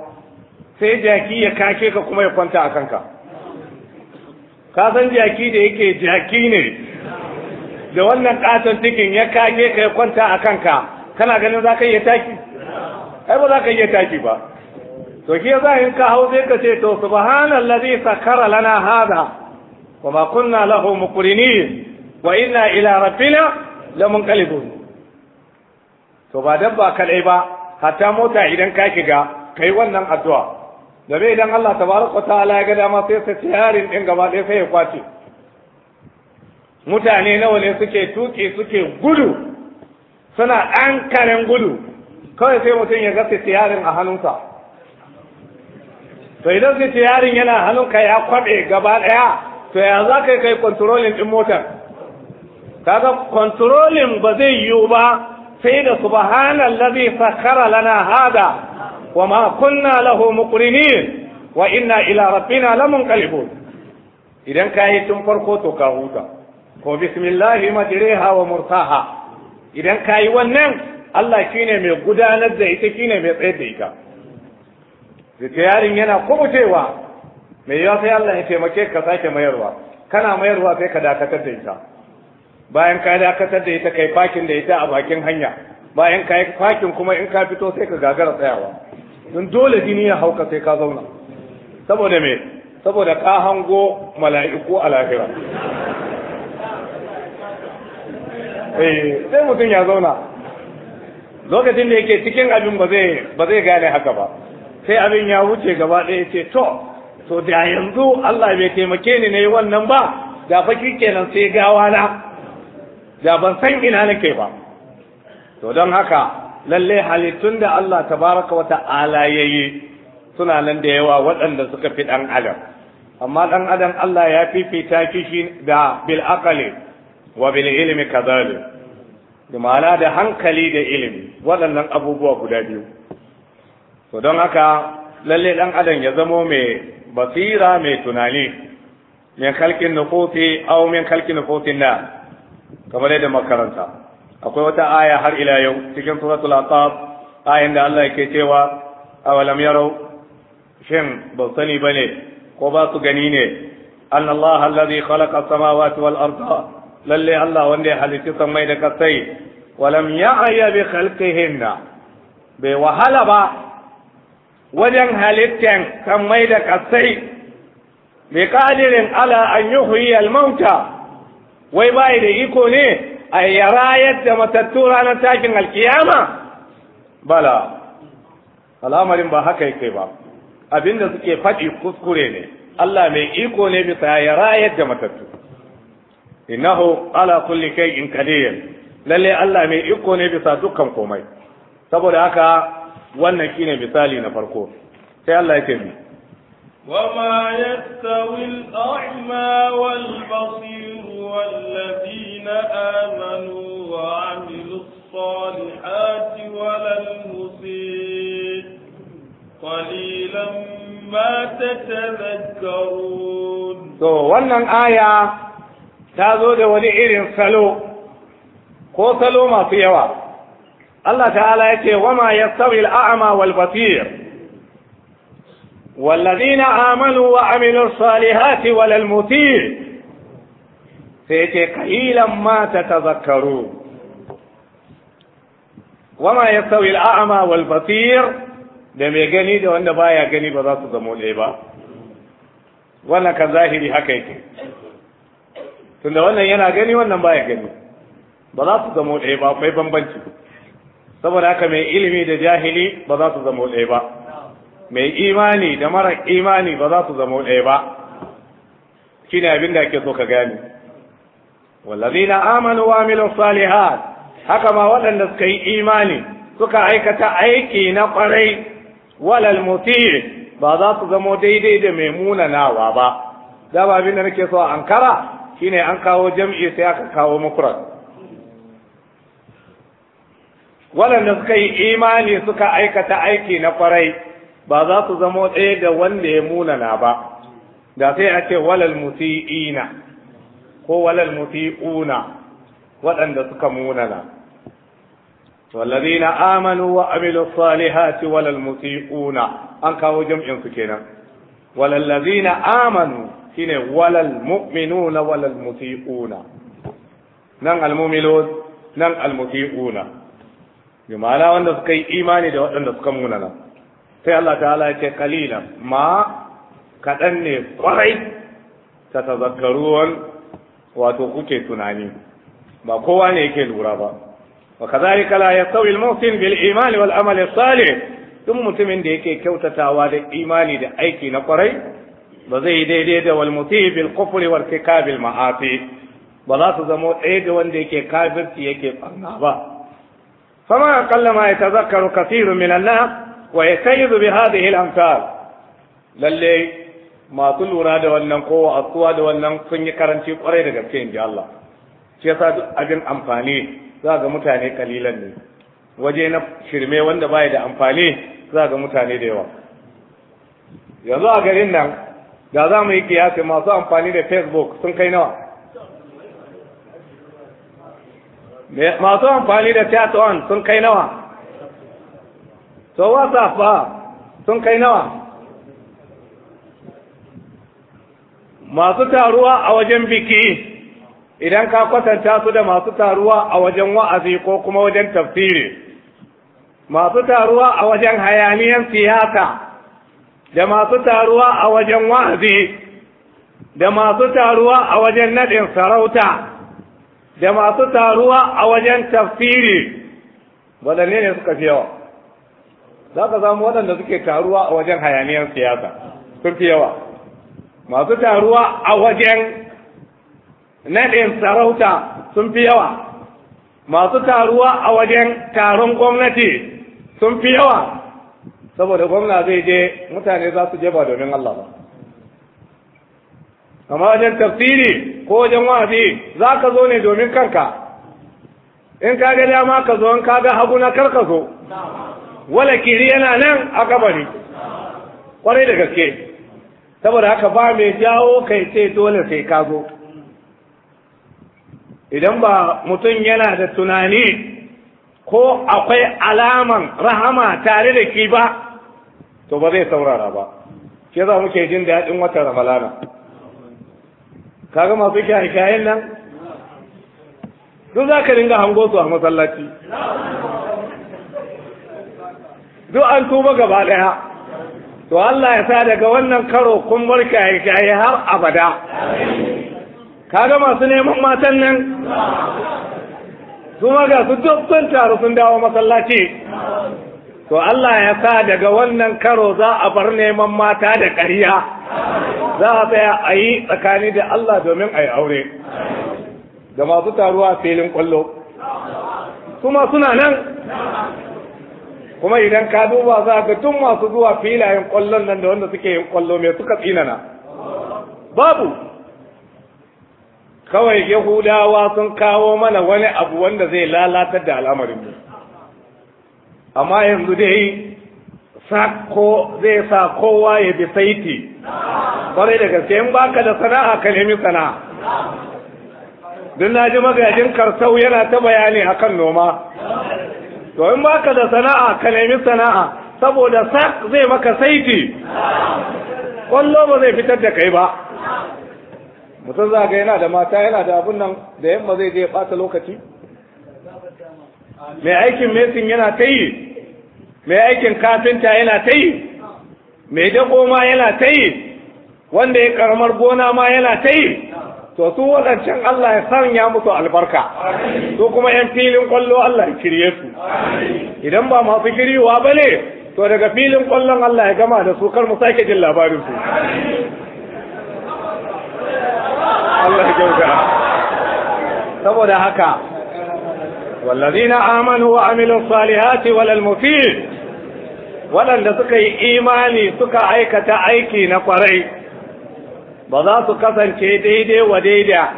sai jaki ya kake ka kuma ya kwanta a kanka ka san jaki da yake jaki ne da wannan katon cikin ya kake ka ya kwanta a kanka kana ganin za ka iya taki ai ba za ka iya taki ba to ke za in ka hau sai ka ce to subhanallazi sakara lana hada wa ma kunna lahu muqrinin wa inna ila rabbina munqalibun to ba dabba kadai ba hatta mota idan ka kiga kai wannan addu'a game idan Allah tabaraka ta'ala ya ga dama sai sai tiyarin din gaba ɗaya sai ya kwace mutane nawa ne suke tuki suke gudu suna ɗan karen gudu kawai sai mutum ya ga tiyarin a hannunsa to idan tiyarin yana hannunka ya kwaɓe gaba ɗaya to ya za ka kai kontrolin ɗin motar kaga controlling ba zai yiwu ba sai da subhanallazi sakhara lana hada wa ma kunna lahu muqrinin wa inna ila rabbina lamunqalibun idan kayi tun farko to ka huta ko bismillah majriha wa murtaha, idan kayi wannan Allah shine mai gudanar da ita shine mai tsayar da ita da yarin yana kubutewa mai yawa sai Allah ya taimake ka sake mayarwa kana mayarwa sai ka dakatar da ita bayan ka dakatar da ita kai fakin da ita a bakin hanya bayan ka yi fakin kuma in ka fito sai ka gagara tsayawa don dole jini ya hauka sai ka zauna saboda me saboda ka hango mala'iku a lahira eh sai mutum ya zauna lokacin da yake cikin abin ba zai ba zai gane haka ba sai abin ya wuce gaba ɗaya ce to to da yanzu Allah bai taimake ni na yi wannan ba da fa kenan sai gawa na da ban san ina nake ba to don haka lalle halittun da Allah tabaraka wa ta'ala yayi suna nan da yawa waɗanda suka fi ɗan adam amma ɗan adam Allah ya fifita kishi da bil aqli wa bil ilmi kadali da ma'ana da hankali da ilimi waɗannan abubuwa guda biyu to don haka lalle ɗan adam ya zamo mai basira mai tunani min khalqin nufusi aw min khalqin nufusin nas kamar yadda makaranta akwai wata aya har ila yau cikin suratul aqab ayan da Allah yake cewa awalam yarau shin ba sani bane ko ba su gani ne an Allah allazi khalaqa samawati wal arda lalle Allah wanda ya halitta samai da kasai walam ya'ya bi khalqihinna bai wahala ba wajen halittan mai da kasai bi qadirin ala an yuhyi al mauta wai bai da iko ne a ya rayar da matattu ranar takin alkiyama bala al'amarin ba haka yake ba abinda suke faɗi kuskure ne Allah mai iko ne bisa ya rayar da matattu innahu ala kulli shay'in qadir lalle Allah mai iko ne bisa dukkan komai saboda haka wannan shine misali na farko sai Allah ya ce وما يستوي الأعمى والبصير والذين آمنوا وعملوا الصالحات ولا المسيء قليلا ما تتذكرون تو wannan aya ta zo da wani irin salo ko salo masu yawa Allah ta'ala ya ce wama yastawi al-a'ma wal basir والذين آمنوا وعملوا الصالحات ولا المطيع سيتي قليلا ما تتذكرون وما يستوي الأعمى والبصير da mai gani da wanda baya gani ba za su zamo ɗaya ba wannan kan zahiri haka yake tunda wannan yana gani wannan baya gani ba za su zamo ɗaya ba akwai bambanci saboda haka mai ilimi da jahili ba za su zamo ɗaya ba mai imani da mara imani ba za su zama ɗaya ba ne abin da ake so ka wallazi na amanu wa milin salihat haka ma waɗanda suka yi imani suka aikata aiki na ƙwarai, walal muti ba za su zama daidai da mai munanawa ba da ba abin da nake so a ankara ne an kawo jam'i sai aka kawo mukran waɗanda suka yi imani suka aikata aiki na ƙwarai. ba za su zamo ɗaya da wanda ya munana ba da sai a ce walal musi'ina ko walal musi'una waɗanda suka munana والذين آمنوا وعملوا الصالحات ولا المطيعون أن كانوا جمع سكينا ولا الذين آمنوا هنا ولا المؤمنون ولا المطيعون نعم المؤمنون نعم المطيعون بمعنى أن سكي إيماني دو أن سكموننا sai Allah ta'ala ya ce kalila ma kaɗan ne kwarai ta tazakaruwan wato kuke tunani ba kowa ne yake lura ba wa kazalika la yastawi al-muhsin bil imani wal amal salih duk mutumin da yake kyautatawa da imani da aiki na kwarai ba zai yi daidai da wal muti bil kufri wal tikabil ma'asi ba za su zama ɗaya da wanda yake kafirci yake barna ba fama kallama yatazakkaru kathirun min an-nas wa kai bi hadhihi al-amsal lalle masu lura da wannan kowa asuwa da wannan sun yi karanci kwarai da gaske inji Allah shi yasa duk abin amfani za ga mutane kalilan ne waje na shirme wanda baya da amfani za ga mutane da yawa yanzu a garin nan da za mu yi kiyasi masu amfani da facebook sun kai nawa masu amfani da chat on sun kai nawa to wasafa sun kai nawa masu taruwa a wajen biki idan ka kwatanta su da masu taruwa a wajen wa'azi ko kuma wajen tafsiri masu taruwa a wajen hayaniyan siyasa da masu taruwa a wajen wa'azi da masu taruwa a wajen naɗin sarauta da masu taruwa a wajen tafsiri waɗanne ne suka fi yawa za ka samu waɗanda suke taruwa a wajen hayaniyar siyasa sun fi yawa masu taruwa a wajen naɗin sarauta sun fi yawa masu taruwa a wajen taron gwamnati sun fi yawa saboda gwamna zai je mutane za su je ba domin Allah ba Kama wajen tafsiri ko wajen wa'azi za ka zo ne domin kanka in ka ga dama ka zo in ka ga hagu na karka zo wala kiri yana nan a kabari kwarai da gaske saboda haka ba mai jawo kai sai dole sai ka zo idan ba mutum yana da tunani ko akwai alaman rahama tare da ki ba to ba zai saurara ba ke za muke jin daɗin watan ramalana kaga masu kyakkyayen nan duk za ka dinga hango su a masallaci duk an tuba gaba daya to Allah ya sa daga wannan karo kun ya kaye har abada kaga masu neman matan nan su ga su duk sun taru sun dawo masallaci to Allah ya sa daga wannan karo za a bar neman mata da ƙarya za a tsaya a yi tsakani da Allah domin a yi aure da masu taruwa filin kwallo kuma suna nan kuma idan ka duba za ga tun masu zuwa filayen kwallon nan da wanda suke yin kwallo mai suka tsinana babu kawai yahudawa sun kawo mana wani abu wanda zai lalatar da al'amarinmu amma yanzu dai sako zai sa kowa ya bi saiti kwarai da gaske in baka da sana'a ka nemi sana'a duk na ji magajin karsau yana ta bayani akan noma to in baka da sana'a ka nemi sana'a saboda sak zai maka saiti kwallo ba zai fitar da kai ba mutum za ga yana da mata yana da abun nan da yamma zai je bata lokaci mai aikin mesin yana ta yi mai aikin kafinta yana ta yi mai dako ma yana ta yi wanda ya karamar gona ma yana ta yi to su waɗancan Allah ya sanya musu albarka su kuma yan filin kwallo Allah ya kirye su idan ba masu kiriwa ba ne to daga filin kwallon Allah ya gama da su kar mu sake jin labarin su Allah ya kyauta saboda haka wallazina amanu wa amilu salihati walal mufid waɗanda suka yi imani suka aikata aiki na kwarai ba za su kasance daidai wa daidai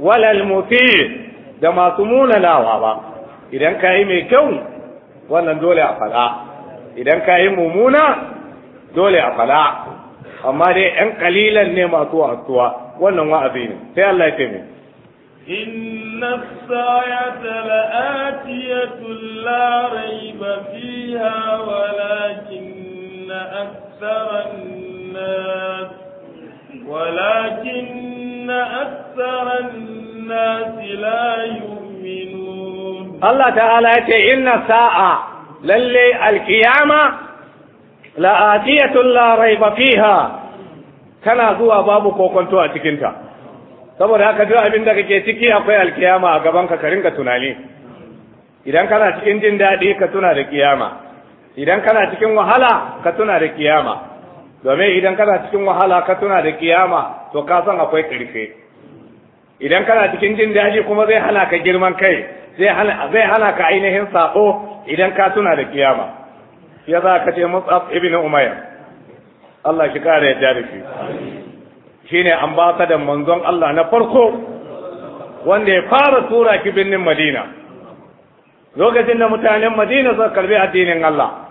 walal muti da masu muna munanawa ba idan ka yi mai kyau wannan dole a faɗa idan ka yi mummuna dole a faɗa amma dai ‘yan kalilan ne masu wasuwa wannan wa'azi ne sai Allah ya ce mai إن الساعة لآتية لا ريب فيها ولكن أكثر الناس ولكن أكثر الناس لا يؤمنون الله تعالى إن ساعة للي القيامة لآتية لا ريب فيها كان zuwa babu kokonto a cikinta saboda haka duk abin da kake ciki akwai alkiyama a gaban ka ka ringa tunani idan kana cikin jin daɗi ka tuna da kiyama idan kana cikin wahala ka tuna da kiyama domin idan kana cikin wahala ka tuna da kiyama to ka san akwai karfe idan kana cikin jin daji kuma zai hana ka girman kai zai hana ka ainihin sako idan ka tuna da kiyama ya za ka ce mus'ab ibn umayr Allah shi kare ya da shi shine ambasadan manzon Allah na farko wanda ya fara tura ki birnin Madina lokacin da mutanen Madina suka karbi addinin Allah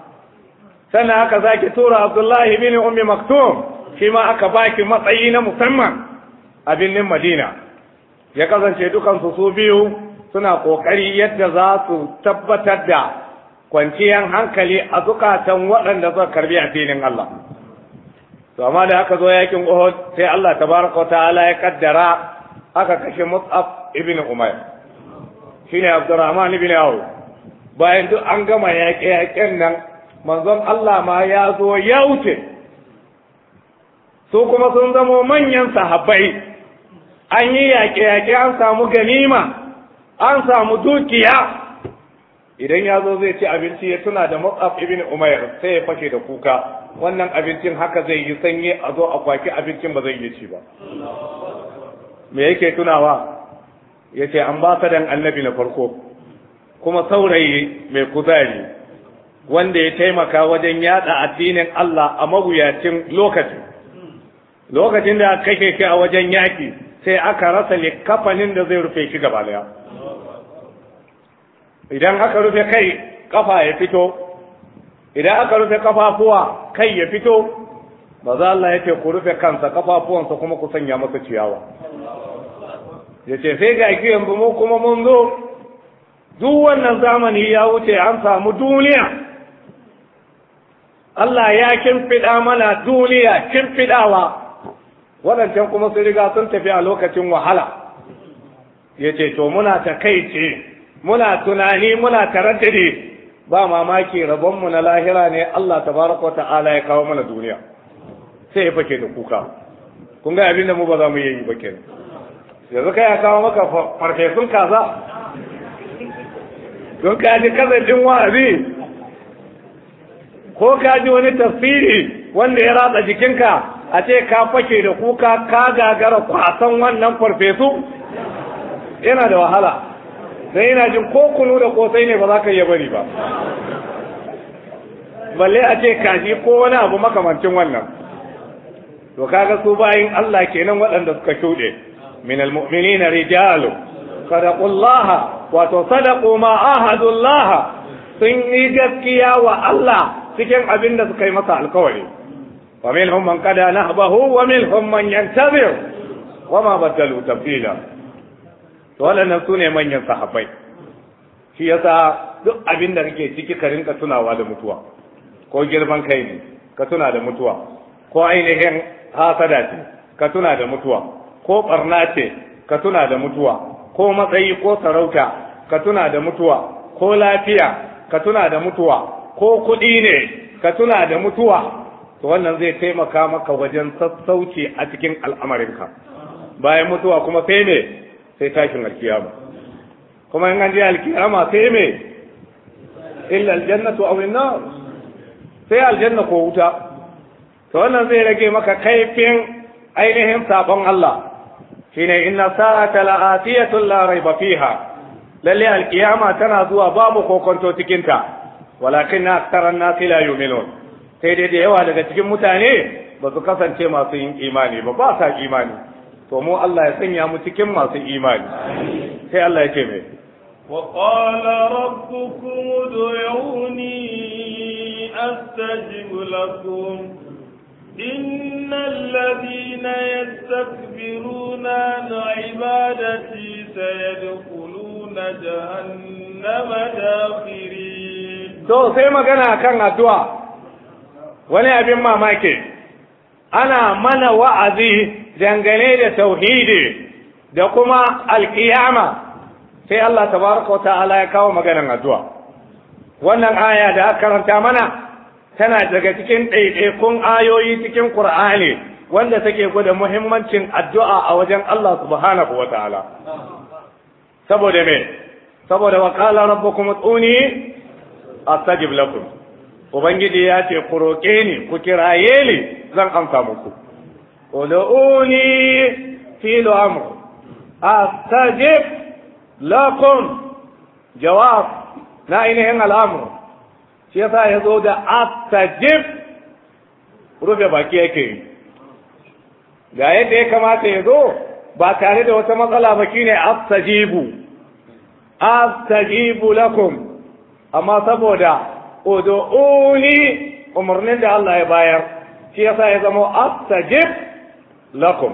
sannan haka zaki tura abdullahi bin ummi maktum shi ma aka baki matsayi na musamman a birnin madina ya kasance dukansu su biyu suna kokari yadda za su tabbatar da kwanciyar hankali a zukatan waɗanda suka karbi addinin Allah to amma da aka zo yakin Uhud sai Allah tabaraka ta'ala ya kaddara aka kashe Mus'ab ibn Umayr shine Abdurrahman ibn Awf bayan duk an gama yaƙe-yaƙen nan manzon Allah ma ya zo ya wuce su kuma sun zamo manyan sahabbai an yi yaƙe-yaƙe an samu ganima an samu dukiya idan ya zo zai ci abinci ya tuna da Mus'ab ibn Umair sai ya fashe da kuka wannan abincin haka zai yi sanye a zo a kwaki abincin ba zai yi ci ba me yake tunawa yace an ba ka dan annabi na farko kuma saurayi mai kuzari wanda ya taimaka wajen yada addinin Allah a maguyacin lokaci lokacin da aka kashe shi a wajen yaki sai aka rasa likafanin da zai rufe shi gaba daya idan aka rufe kai kafa ya fito idan aka rufe kafafuwa kai ya fito ba za Allah ya ce ku rufe kansa kafafuwansa kuma ku sanya masa ciyawa ya ce sai ga yanzu mu kuma mun zo duk wannan zamani ya wuce an samu duniya Allah ya kimfiɗa mana duniya kimfiɗawa waɗancan kuma sun riga sun tafi a lokacin wahala ya ce to muna ta kai ce muna tunani muna taraddadi ba mamaki rabonmu na lahira ne Allah tabaraka ta'ala ya kawo mana duniya sai ya fake da kuka kun ga abin da mu ba za mu yi ba kenan yanzu kai ya kawo maka farfesun kaza don ka ji wa wa'azi ko ka ji wani tafsiri wanda ya ratsa jikinka a ce ka fake da kuka ka gagara kwasan wannan farfesu yana da wahala dan yana jin ko kunu da kosai ne ba za ka iya bari ba balle a ce kaji ko wani abu makamancin wannan to ga su bayin Allah kenan waɗanda suka shuɗe min almu'minina rijalu sadaqullaha wato sadaqu ma ahadullaha sun yi gaskiya wa Allah cikin abin da suka yi masa alkawari wa hum man qada nahbahu wa hum man yantabir wa ma badalu tabdila to wannan su ne manyan sahabbai shi yasa duk abin da kake ciki ka rinka tunawa da mutuwa ko girman kai ne ka tuna da mutuwa ko ainihin hasada ce ka tuna da mutuwa ko barna ce ka tuna da mutuwa ko matsayi ko sarauta ka tuna da mutuwa ko lafiya ka tuna da mutuwa ko kuɗi ne ka tuna da mutuwa to wannan zai taimaka maka wajen sassauci a cikin al'amarinka bayan mutuwa kuma sai me sai tashin alkiyama kuma in an je alkiyama sai me illa aljannatu aw an-nar sai aljanna ko wuta to wannan zai rage maka kaifin ainihin sabon Allah shine inna sa'ata la'atiyatun la raiba fiha lalle alkiyama tana zuwa babu kokonto cikin ta walakin aktaran nasi la yu'minun sai dai da yawa daga cikin mutane ba su kasance masu yin imani ba ba sa imani to mu Allah ya sanya mu cikin masu imani sai Allah ya ce mai وقال ربكم ادعوني أستجب لكم إن الذين يستكبرون عن عبادتي سيدخلون جهنم داخرين to sai magana kan addu'a wani abin mamaki ana mana wa'azi dangane da tauhidi da kuma alkiyama sai Allah tabaraka wa ta'ala ya kawo maganan addu'a wannan aya da aka karanta mana tana daga cikin ɗaiɗaikun ayoyi cikin ƙur'ani, wanda take gwada muhimmancin addu'a a wajen Allah subhanahu wa ta'ala saboda me saboda wa qala rabbukum ud'uni astajib lakum ubangiji ya ce ku roƙe ni ku kiraye ni zan amsa muku fi al amr astajib lakum jawab na ainihin al'amur shi yasa ya zo da astajib rufe baki yake yi ga yadda ya kamata ya zo ba tare da wata matsala ba shine astajibu astajibu lakum amma saboda odo, ud'uni umarnin da Allah ya bayar shi yasa ya zama astajib lakum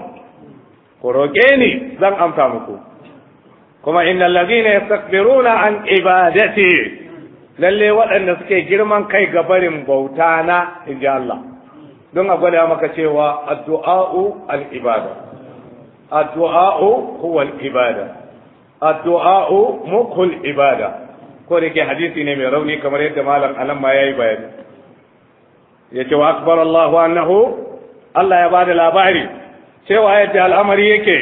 ku roƙe ni zan amsa muku kuma innal ladina yastakbiruna an ibadati lalle waɗanda suke girman kai ga barin bauta na inji Allah don a gwada maka cewa addu'a'u al-ibada addu'a'u huwa al-ibada addu'a'u mukul ibada ko da ke hadisi ne mai rauni kamar yadda malam alam ma yayi bayani ce wa akbar Allahu annahu Allah ya bada labari cewa yadda al'amari yake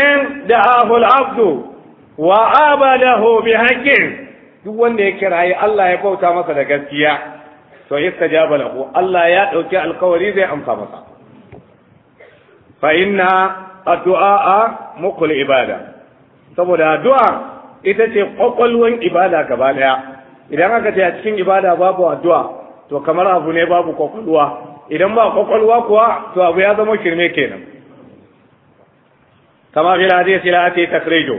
in da'ahu al-abdu wa abadahu bi haqqin duk wanda ya kirayi Allah ya bauta masa da gaskiya to yastajaba lahu Allah ya dauki alkawari zai amsa masa fa inna addu'a muqul ibada saboda addu'a ita ce kwakwalwan ibada gaba daya idan aka ce a cikin ibada babu addu'a to kamar abu ne babu kwakwalwa idan ba kwakwalwa kuwa to abu ya zama kirme kenan kama fi hadisi da ake takrejo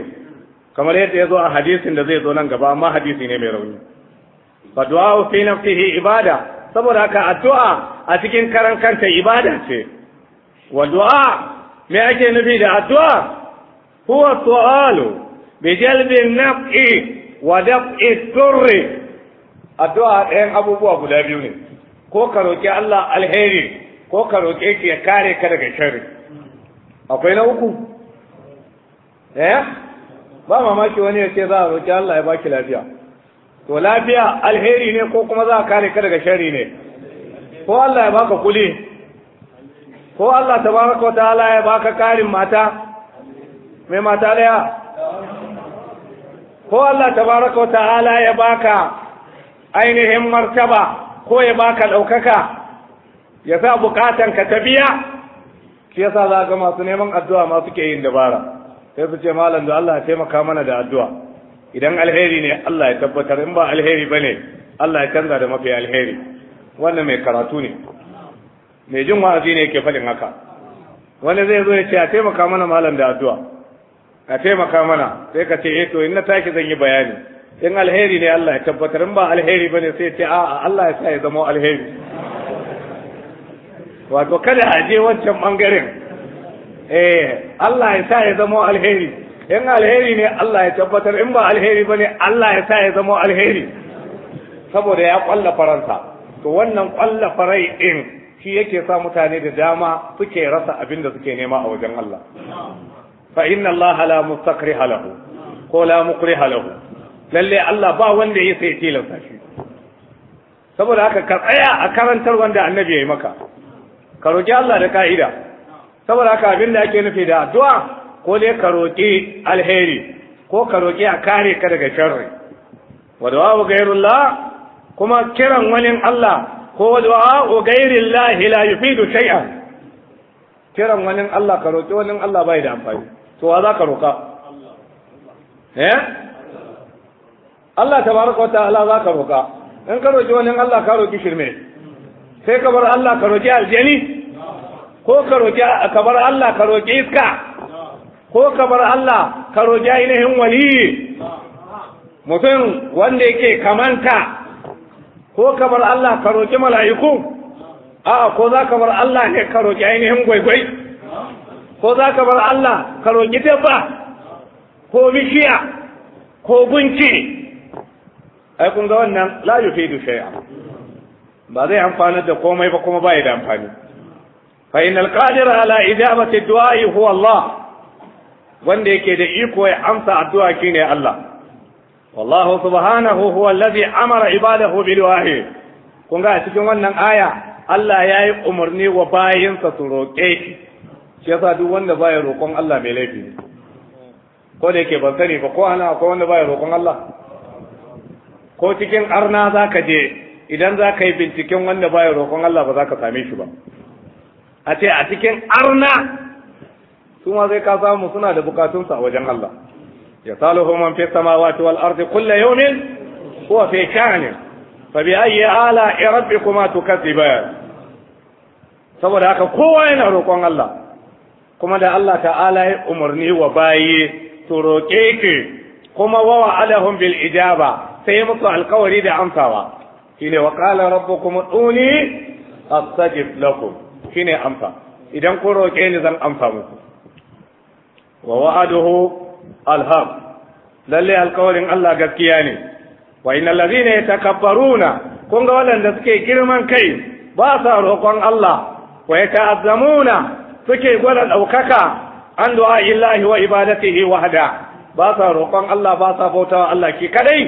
kamar yadda ya zo a hadisin da zai zo nan gaba amma hadisi ne mai rauni fa du'a fi nafsihi ibada saboda haka addu'a a cikin karan kanta ibada ce wa du'a me ake nufi da addu'a huwa su'alu بجلب wa ودفع الضر addu'a ɗayan abubuwa guda biyu ne ko ka roƙi Allah alheri ko ka roƙe shi ya kare ka daga sharri akwai na uku eh ba mamaki wani ya ce za a roƙi Allah ya baki lafiya to lafiya alheri ne ko kuma za a kare ka daga sharri ne ko Allah ya baka kuli ko Allah tabaraka wa ta'ala ya baka karin mata mai mata daya ko Allah tabaraka wa ta'ala ya baka ainihin martaba ko ya baka ɗaukaka ya sa bukatan ka ta biya shi yasa za ga masu neman addu'a ma suke yin dabara sai su ce malam da Allah ya taimaka mana da addu'a idan alheri ne Allah ya tabbatar in ba alheri bane Allah ya canza da mafi alheri wannan mai karatu ne mai jin wa'azi ne yake faɗin haka wani zai zo ya ce a taimaka mana malam da addu'a a taimaka mana sai ka ce eh to in na tashi zan yi bayani in alheri ne Allah ya tabbatar in ba alheri bane sai ce a'a Allah ya sa ya zama alheri wato kada a je wancan bangaren eh Allah ya sa ya zama alheri in alheri ne Allah ya tabbatar in ba alheri bane Allah ya sa ya zama alheri saboda ya kwalla faransa to wannan kwalla farai din shi yake sa mutane da dama suke rasa abin da suke nema a wajen Allah fa inna allaha la mustaqriha ko la muqriha lahu lalle Allah ba wanda ya sai tilasta shi saboda haka ka tsaya a karantar wanda annabi ya yi maka ka roki Allah da ka'ida saboda haka abin da ake nufi da addu'a ko dai ka roki alheri ko ka roki a kare ka daga sharri wa du'a ghayrullah kuma kiran wani Allah ko du'a ghayrillah la yufidu shay'an kiran wani Allah ka roki wani Allah bai da amfani to wa za ka roƙa eh Allah baraka wata Allah za ka roƙa in ka roƙi wani Allah ka roƙi shirme sai ka bar Allah ka roƙi aljani ko ka roƙi ka bar Allah ka roƙi iska ko ka bar Allah ka roƙi ainihin wali mutum wanda yake kamanta ko ka bar Allah ka roƙi mala'iku a ko za ka bar Allah ne ka roƙi ainihin gwaigwai ko za ka bar Allah ka roƙi dabba ko bishiya ko gunki ai kun ga wannan la yufidu shay'a ba zai amfana da komai ba kuma bai da amfani fa innal qadira ala ijabati du'a'i huwa Allah wanda yake da iko ya amsa addu'a shine Allah wallahu subhanahu huwa alladhi amara ibadahu bil wahi kun ga cikin wannan aya Allah ya yi umarni wa bayinsa su roƙe shi shi yasa duk wanda baya roƙon Allah mai laifi ne ko da yake ban sani ba ko ana akwai wanda baya roƙon Allah ko cikin arna za ka je idan za ka yi binciken wanda baya roƙon Allah ba za ka same shi ba a ce a cikin arna su ma zai ka samu suna da bukatunsa a wajen Allah ya saluhu man fi samawati wal ardi kullu yawmin huwa fi sha'ni fa bi ayyi ala rabbikuma tukaththiban saboda haka kowa yana roƙon Allah kuma da Allah ta'ala ya umarni wa bayi to roƙe ki kuma wa wa'adahum bil ijaba sai musu alƙawari da amsawa shine wa qala rabbukum uduni astajib lakum shine amsa idan ku roƙe ni zan amsa muku wa wa'aduhu alhaq lalle alƙawarin Allah gaskiya ne wa innal ladhina yatakabbaruna kun ga wanda suke girman kai ba sa roƙon Allah wa yata'azzamuna suke gwada ɗaukaka an du'a illahi wa ibadatihi wahda ba sa roƙon Allah ba sa bautawa Allah ki kadai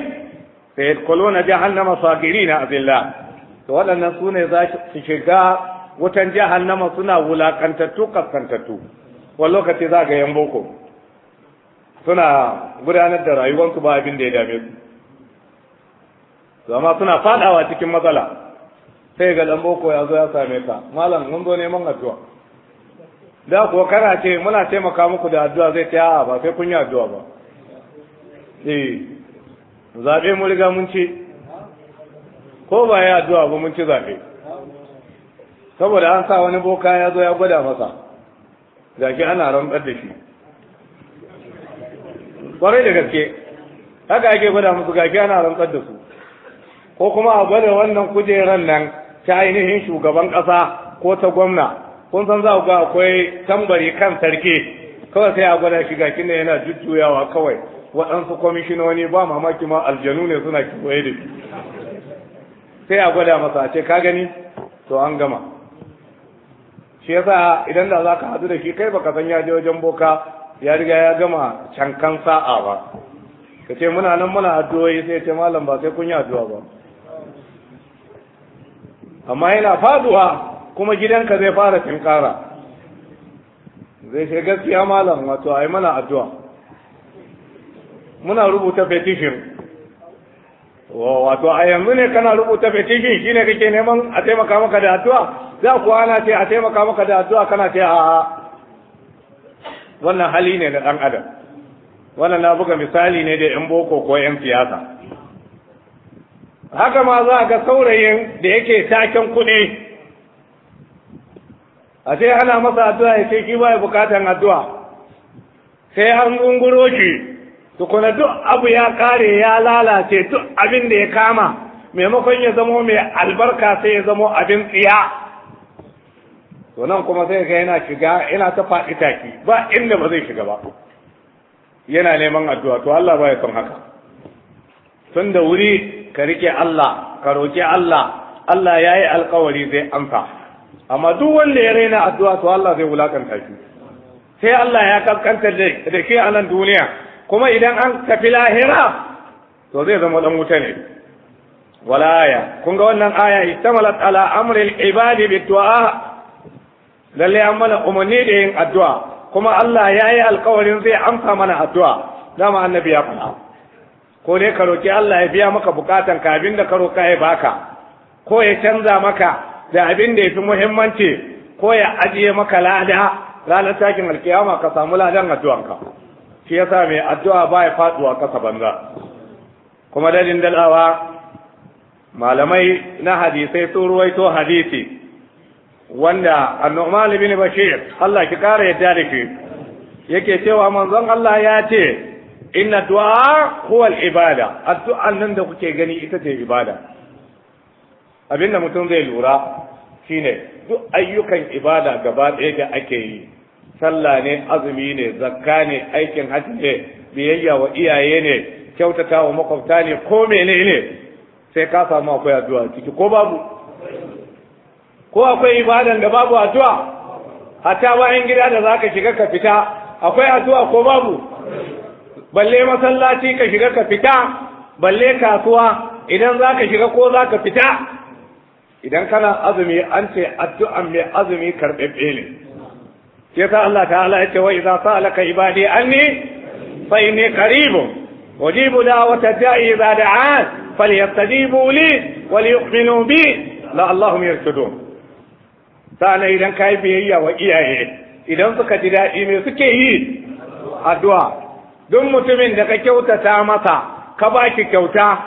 sai kuluna jahannama sagirina azilla to waɗannan su ne za su shiga wutan jahannama suna wulakantattu kaskantattu wani lokaci za ga yan boko suna gudanar da rayuwarsu ba abin da ya dame su amma suna fadawa cikin matsala sai ga dan boko ya zo ya same ka malam mun zo neman addu'a da kuwa kana ce muna taimaka muku da addu'a zai ta ba sai kun yi addu'a ba eh zaɓe mu riga mun ci ko ba ya addu'a ba mun ci zaɓe saboda an sa wani boka ya zo ya gwada masa gashi ana rantsar da shi kwarai da gaske haka ake gwada musu gashi ana rantsar da su ko kuma a gwada wannan kujeran nan ta ainihin shugaban ƙasa ko ta gwamna kun san za ku ga akwai tambari kan sarki kawai sai a gwada shiga kina yana jujjuyawa kawai waɗansu kwamishinoni ba mamaki ma aljanu ne suna kewaye da sai a gwada masa a ce ka gani to an gama shi yasa idan da za ka haɗu da shi kai baka san ya je wajen boka ya riga ya gama cankan sa'a ba ka ce muna nan muna addu'o'i sai ce malam ba sai kun yi addu'a ba amma yana faduwa kuma gidanka zai fara tinkara zai ce gaskiya malam wato a yi mana addu'a muna rubuta petition wato a yanzu ne kana rubuta petition shine kake neman a taimaka maka da addu'a za ku ana ce a taimaka maka da addu'a kana ce a wannan hali ne na dan adam wannan na buga misali ne da yan boko ko yan siyasa haka ma za ga saurayin da yake taken kuɗi a sai ana masa addu'a ya ce ki ba ya bukatan addu'a sai an gunguro shi tukuna duk abu ya kare ya lalace duk abin da ya kama maimakon ya zamo mai albarka sai ya zamo abin tsiya to nan kuma sai ka yana shiga yana ta faɗi taki ba inda ba zai shiga ba yana neman addu'a to Allah ba ya son haka tun da wuri ka rike Allah ka roki Allah Allah ya yi alkawari zai amsa amma duk wanda ya raina addu'a to Allah zai wulakanta shi sai Allah ya kaskantar da ke a nan duniya kuma idan an tafi lahira to zai zama dan wuta ne walaya kun ga wannan aya istamalat ala amril ibadi du'a lalle an mana umarni da yin addu'a kuma Allah ya yi alkawarin zai amsa mana addu'a dama annabi ya faɗa ko dai ka roki Allah ya biya maka bukatan ka da ka roka ya baka ko ya canza maka da abin da ya fi muhimmanci ko ya ajiye maka lada ranar takin alkiyama ka samu ladan addu'anka shi yasa mai addu'a ba baya faduwa kasa banza kuma dalin dalawa malamai na hadisai sun ruwaito hadisi wanda annu'mal ibn bashir Allah ki kara yadda da ke yake cewa manzon Allah ya ce inna du'a huwa al-ibada addu'an nan da kuke gani ita ce ibada abinda mutum zai lura shine duk ayyukan ibada gaba ɗaya da ake yi sallah ne azumi ne zakka ne aikin hajji ne biyayya wa iyaye ne kyautata wa makwabta ne ko ne sai ka samu akwai addu'a ciki ko babu ko akwai ibada da babu addu'a hatta bayan gida da zaka shiga ka fita akwai addu'a ko babu balle masallaci ka shiga ka fita balle kasuwa idan zaka shiga ko zaka fita idan kana azumi an ce addu'an mai azumi karɓaɓɓe ne sai sa Allah ta'ala ya ce wa idza sa'alaka ibadi anni fa inni qaribun ujibu da'wata da'i idza da'an falyastajibu li wa liyu'minu bi la'allahum yarshudun sa'ana idan kai biyayya wa iyaye idan suka ji daɗi me suke yi addu'a duk mutumin da ka kyautata masa ka ba ki kyauta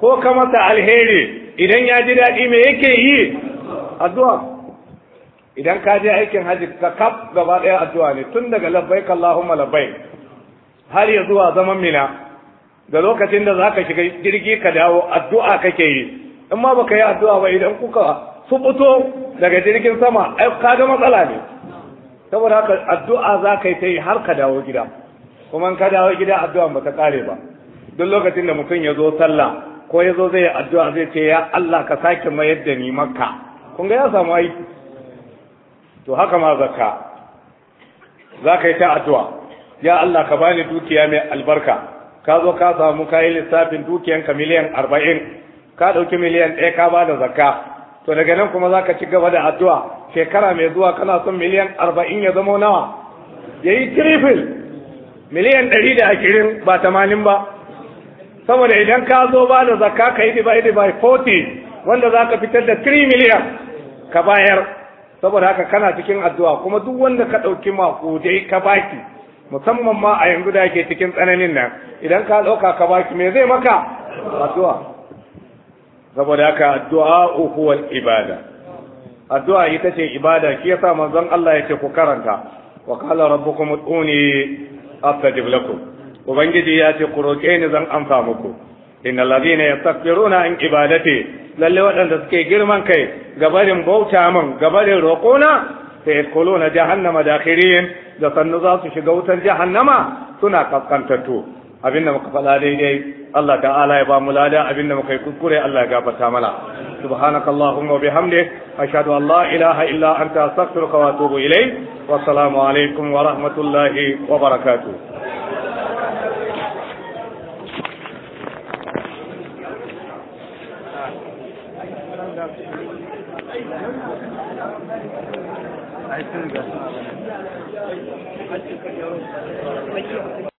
ko ka masa alheri idan ya ji daɗi me yake yi addu'a idan ka je aikin haji ka kaf gaba ɗaya addu'a ne tun daga labbaik Allahumma labbai har ya zuwa zaman mina da lokacin da za ka shiga jirgi ka dawo addu'a kake yi in ma baka yi addu'a ba idan kuka fito daga jirgin sama ai ka ga matsala ne saboda haka addu'a za ka yi ta yi har ka dawo gida kuma in ka dawo gida addu'a ba ta kare ba duk lokacin da mutum ya zo sallah ko ya zo zai addu'a zai ce ya Allah ka sake mayar da ni makka kun ga ya samu aiki to haka ma zakka za ka yi ta addu'a ya Allah ka bani dukiya mai albarka ka zo ka samu kayi lissafin dukiyanka miliyan arba'in ka ɗauki miliyan ɗaya ka ba da zakka to daga nan kuma za ka ci gaba da addu'a shekara mai zuwa kana son miliyan arba'in ya zama nawa ya yi miliyan ɗari da ashirin ba tamanin ba saboda idan ka zo ba da zakka ka yi divide by 40 wanda za ka fitar da 3 miliyan ka bayar saboda haka kana cikin addu'a kuma duk wanda ka ɗauki makudai ka baki musamman ma a yanzu da yake cikin tsananin nan idan ka ɗauka ka baki me zai maka addu'a saboda haka addu'a huwal ibada addu'a ita ce ibada shi yasa manzon Allah ya ce ku karanta wa qala rabbukum ud'uni astajib lakum ubangiji ya ce ku ni zan amsa muku inna allazina yastakbiruna an ibadati lalle waɗanda suke girman kai gabarin bauta min gabarin roƙona sai yadkhuluna jahannama dakhirin da sannu za su shiga wutar jahannama suna kaskantattu abinda muka faɗa daidai Allah ta'ala ya ba mu lada abinda muka yi kuskure Allah ya gafarta mana subhanaka allahumma bihamdik ashhadu an la ilaha illa anta astaghfiruka wa atubu ilayk wa assalamu alaikum wa rahmatullahi wa barakatuh ありがとうございます。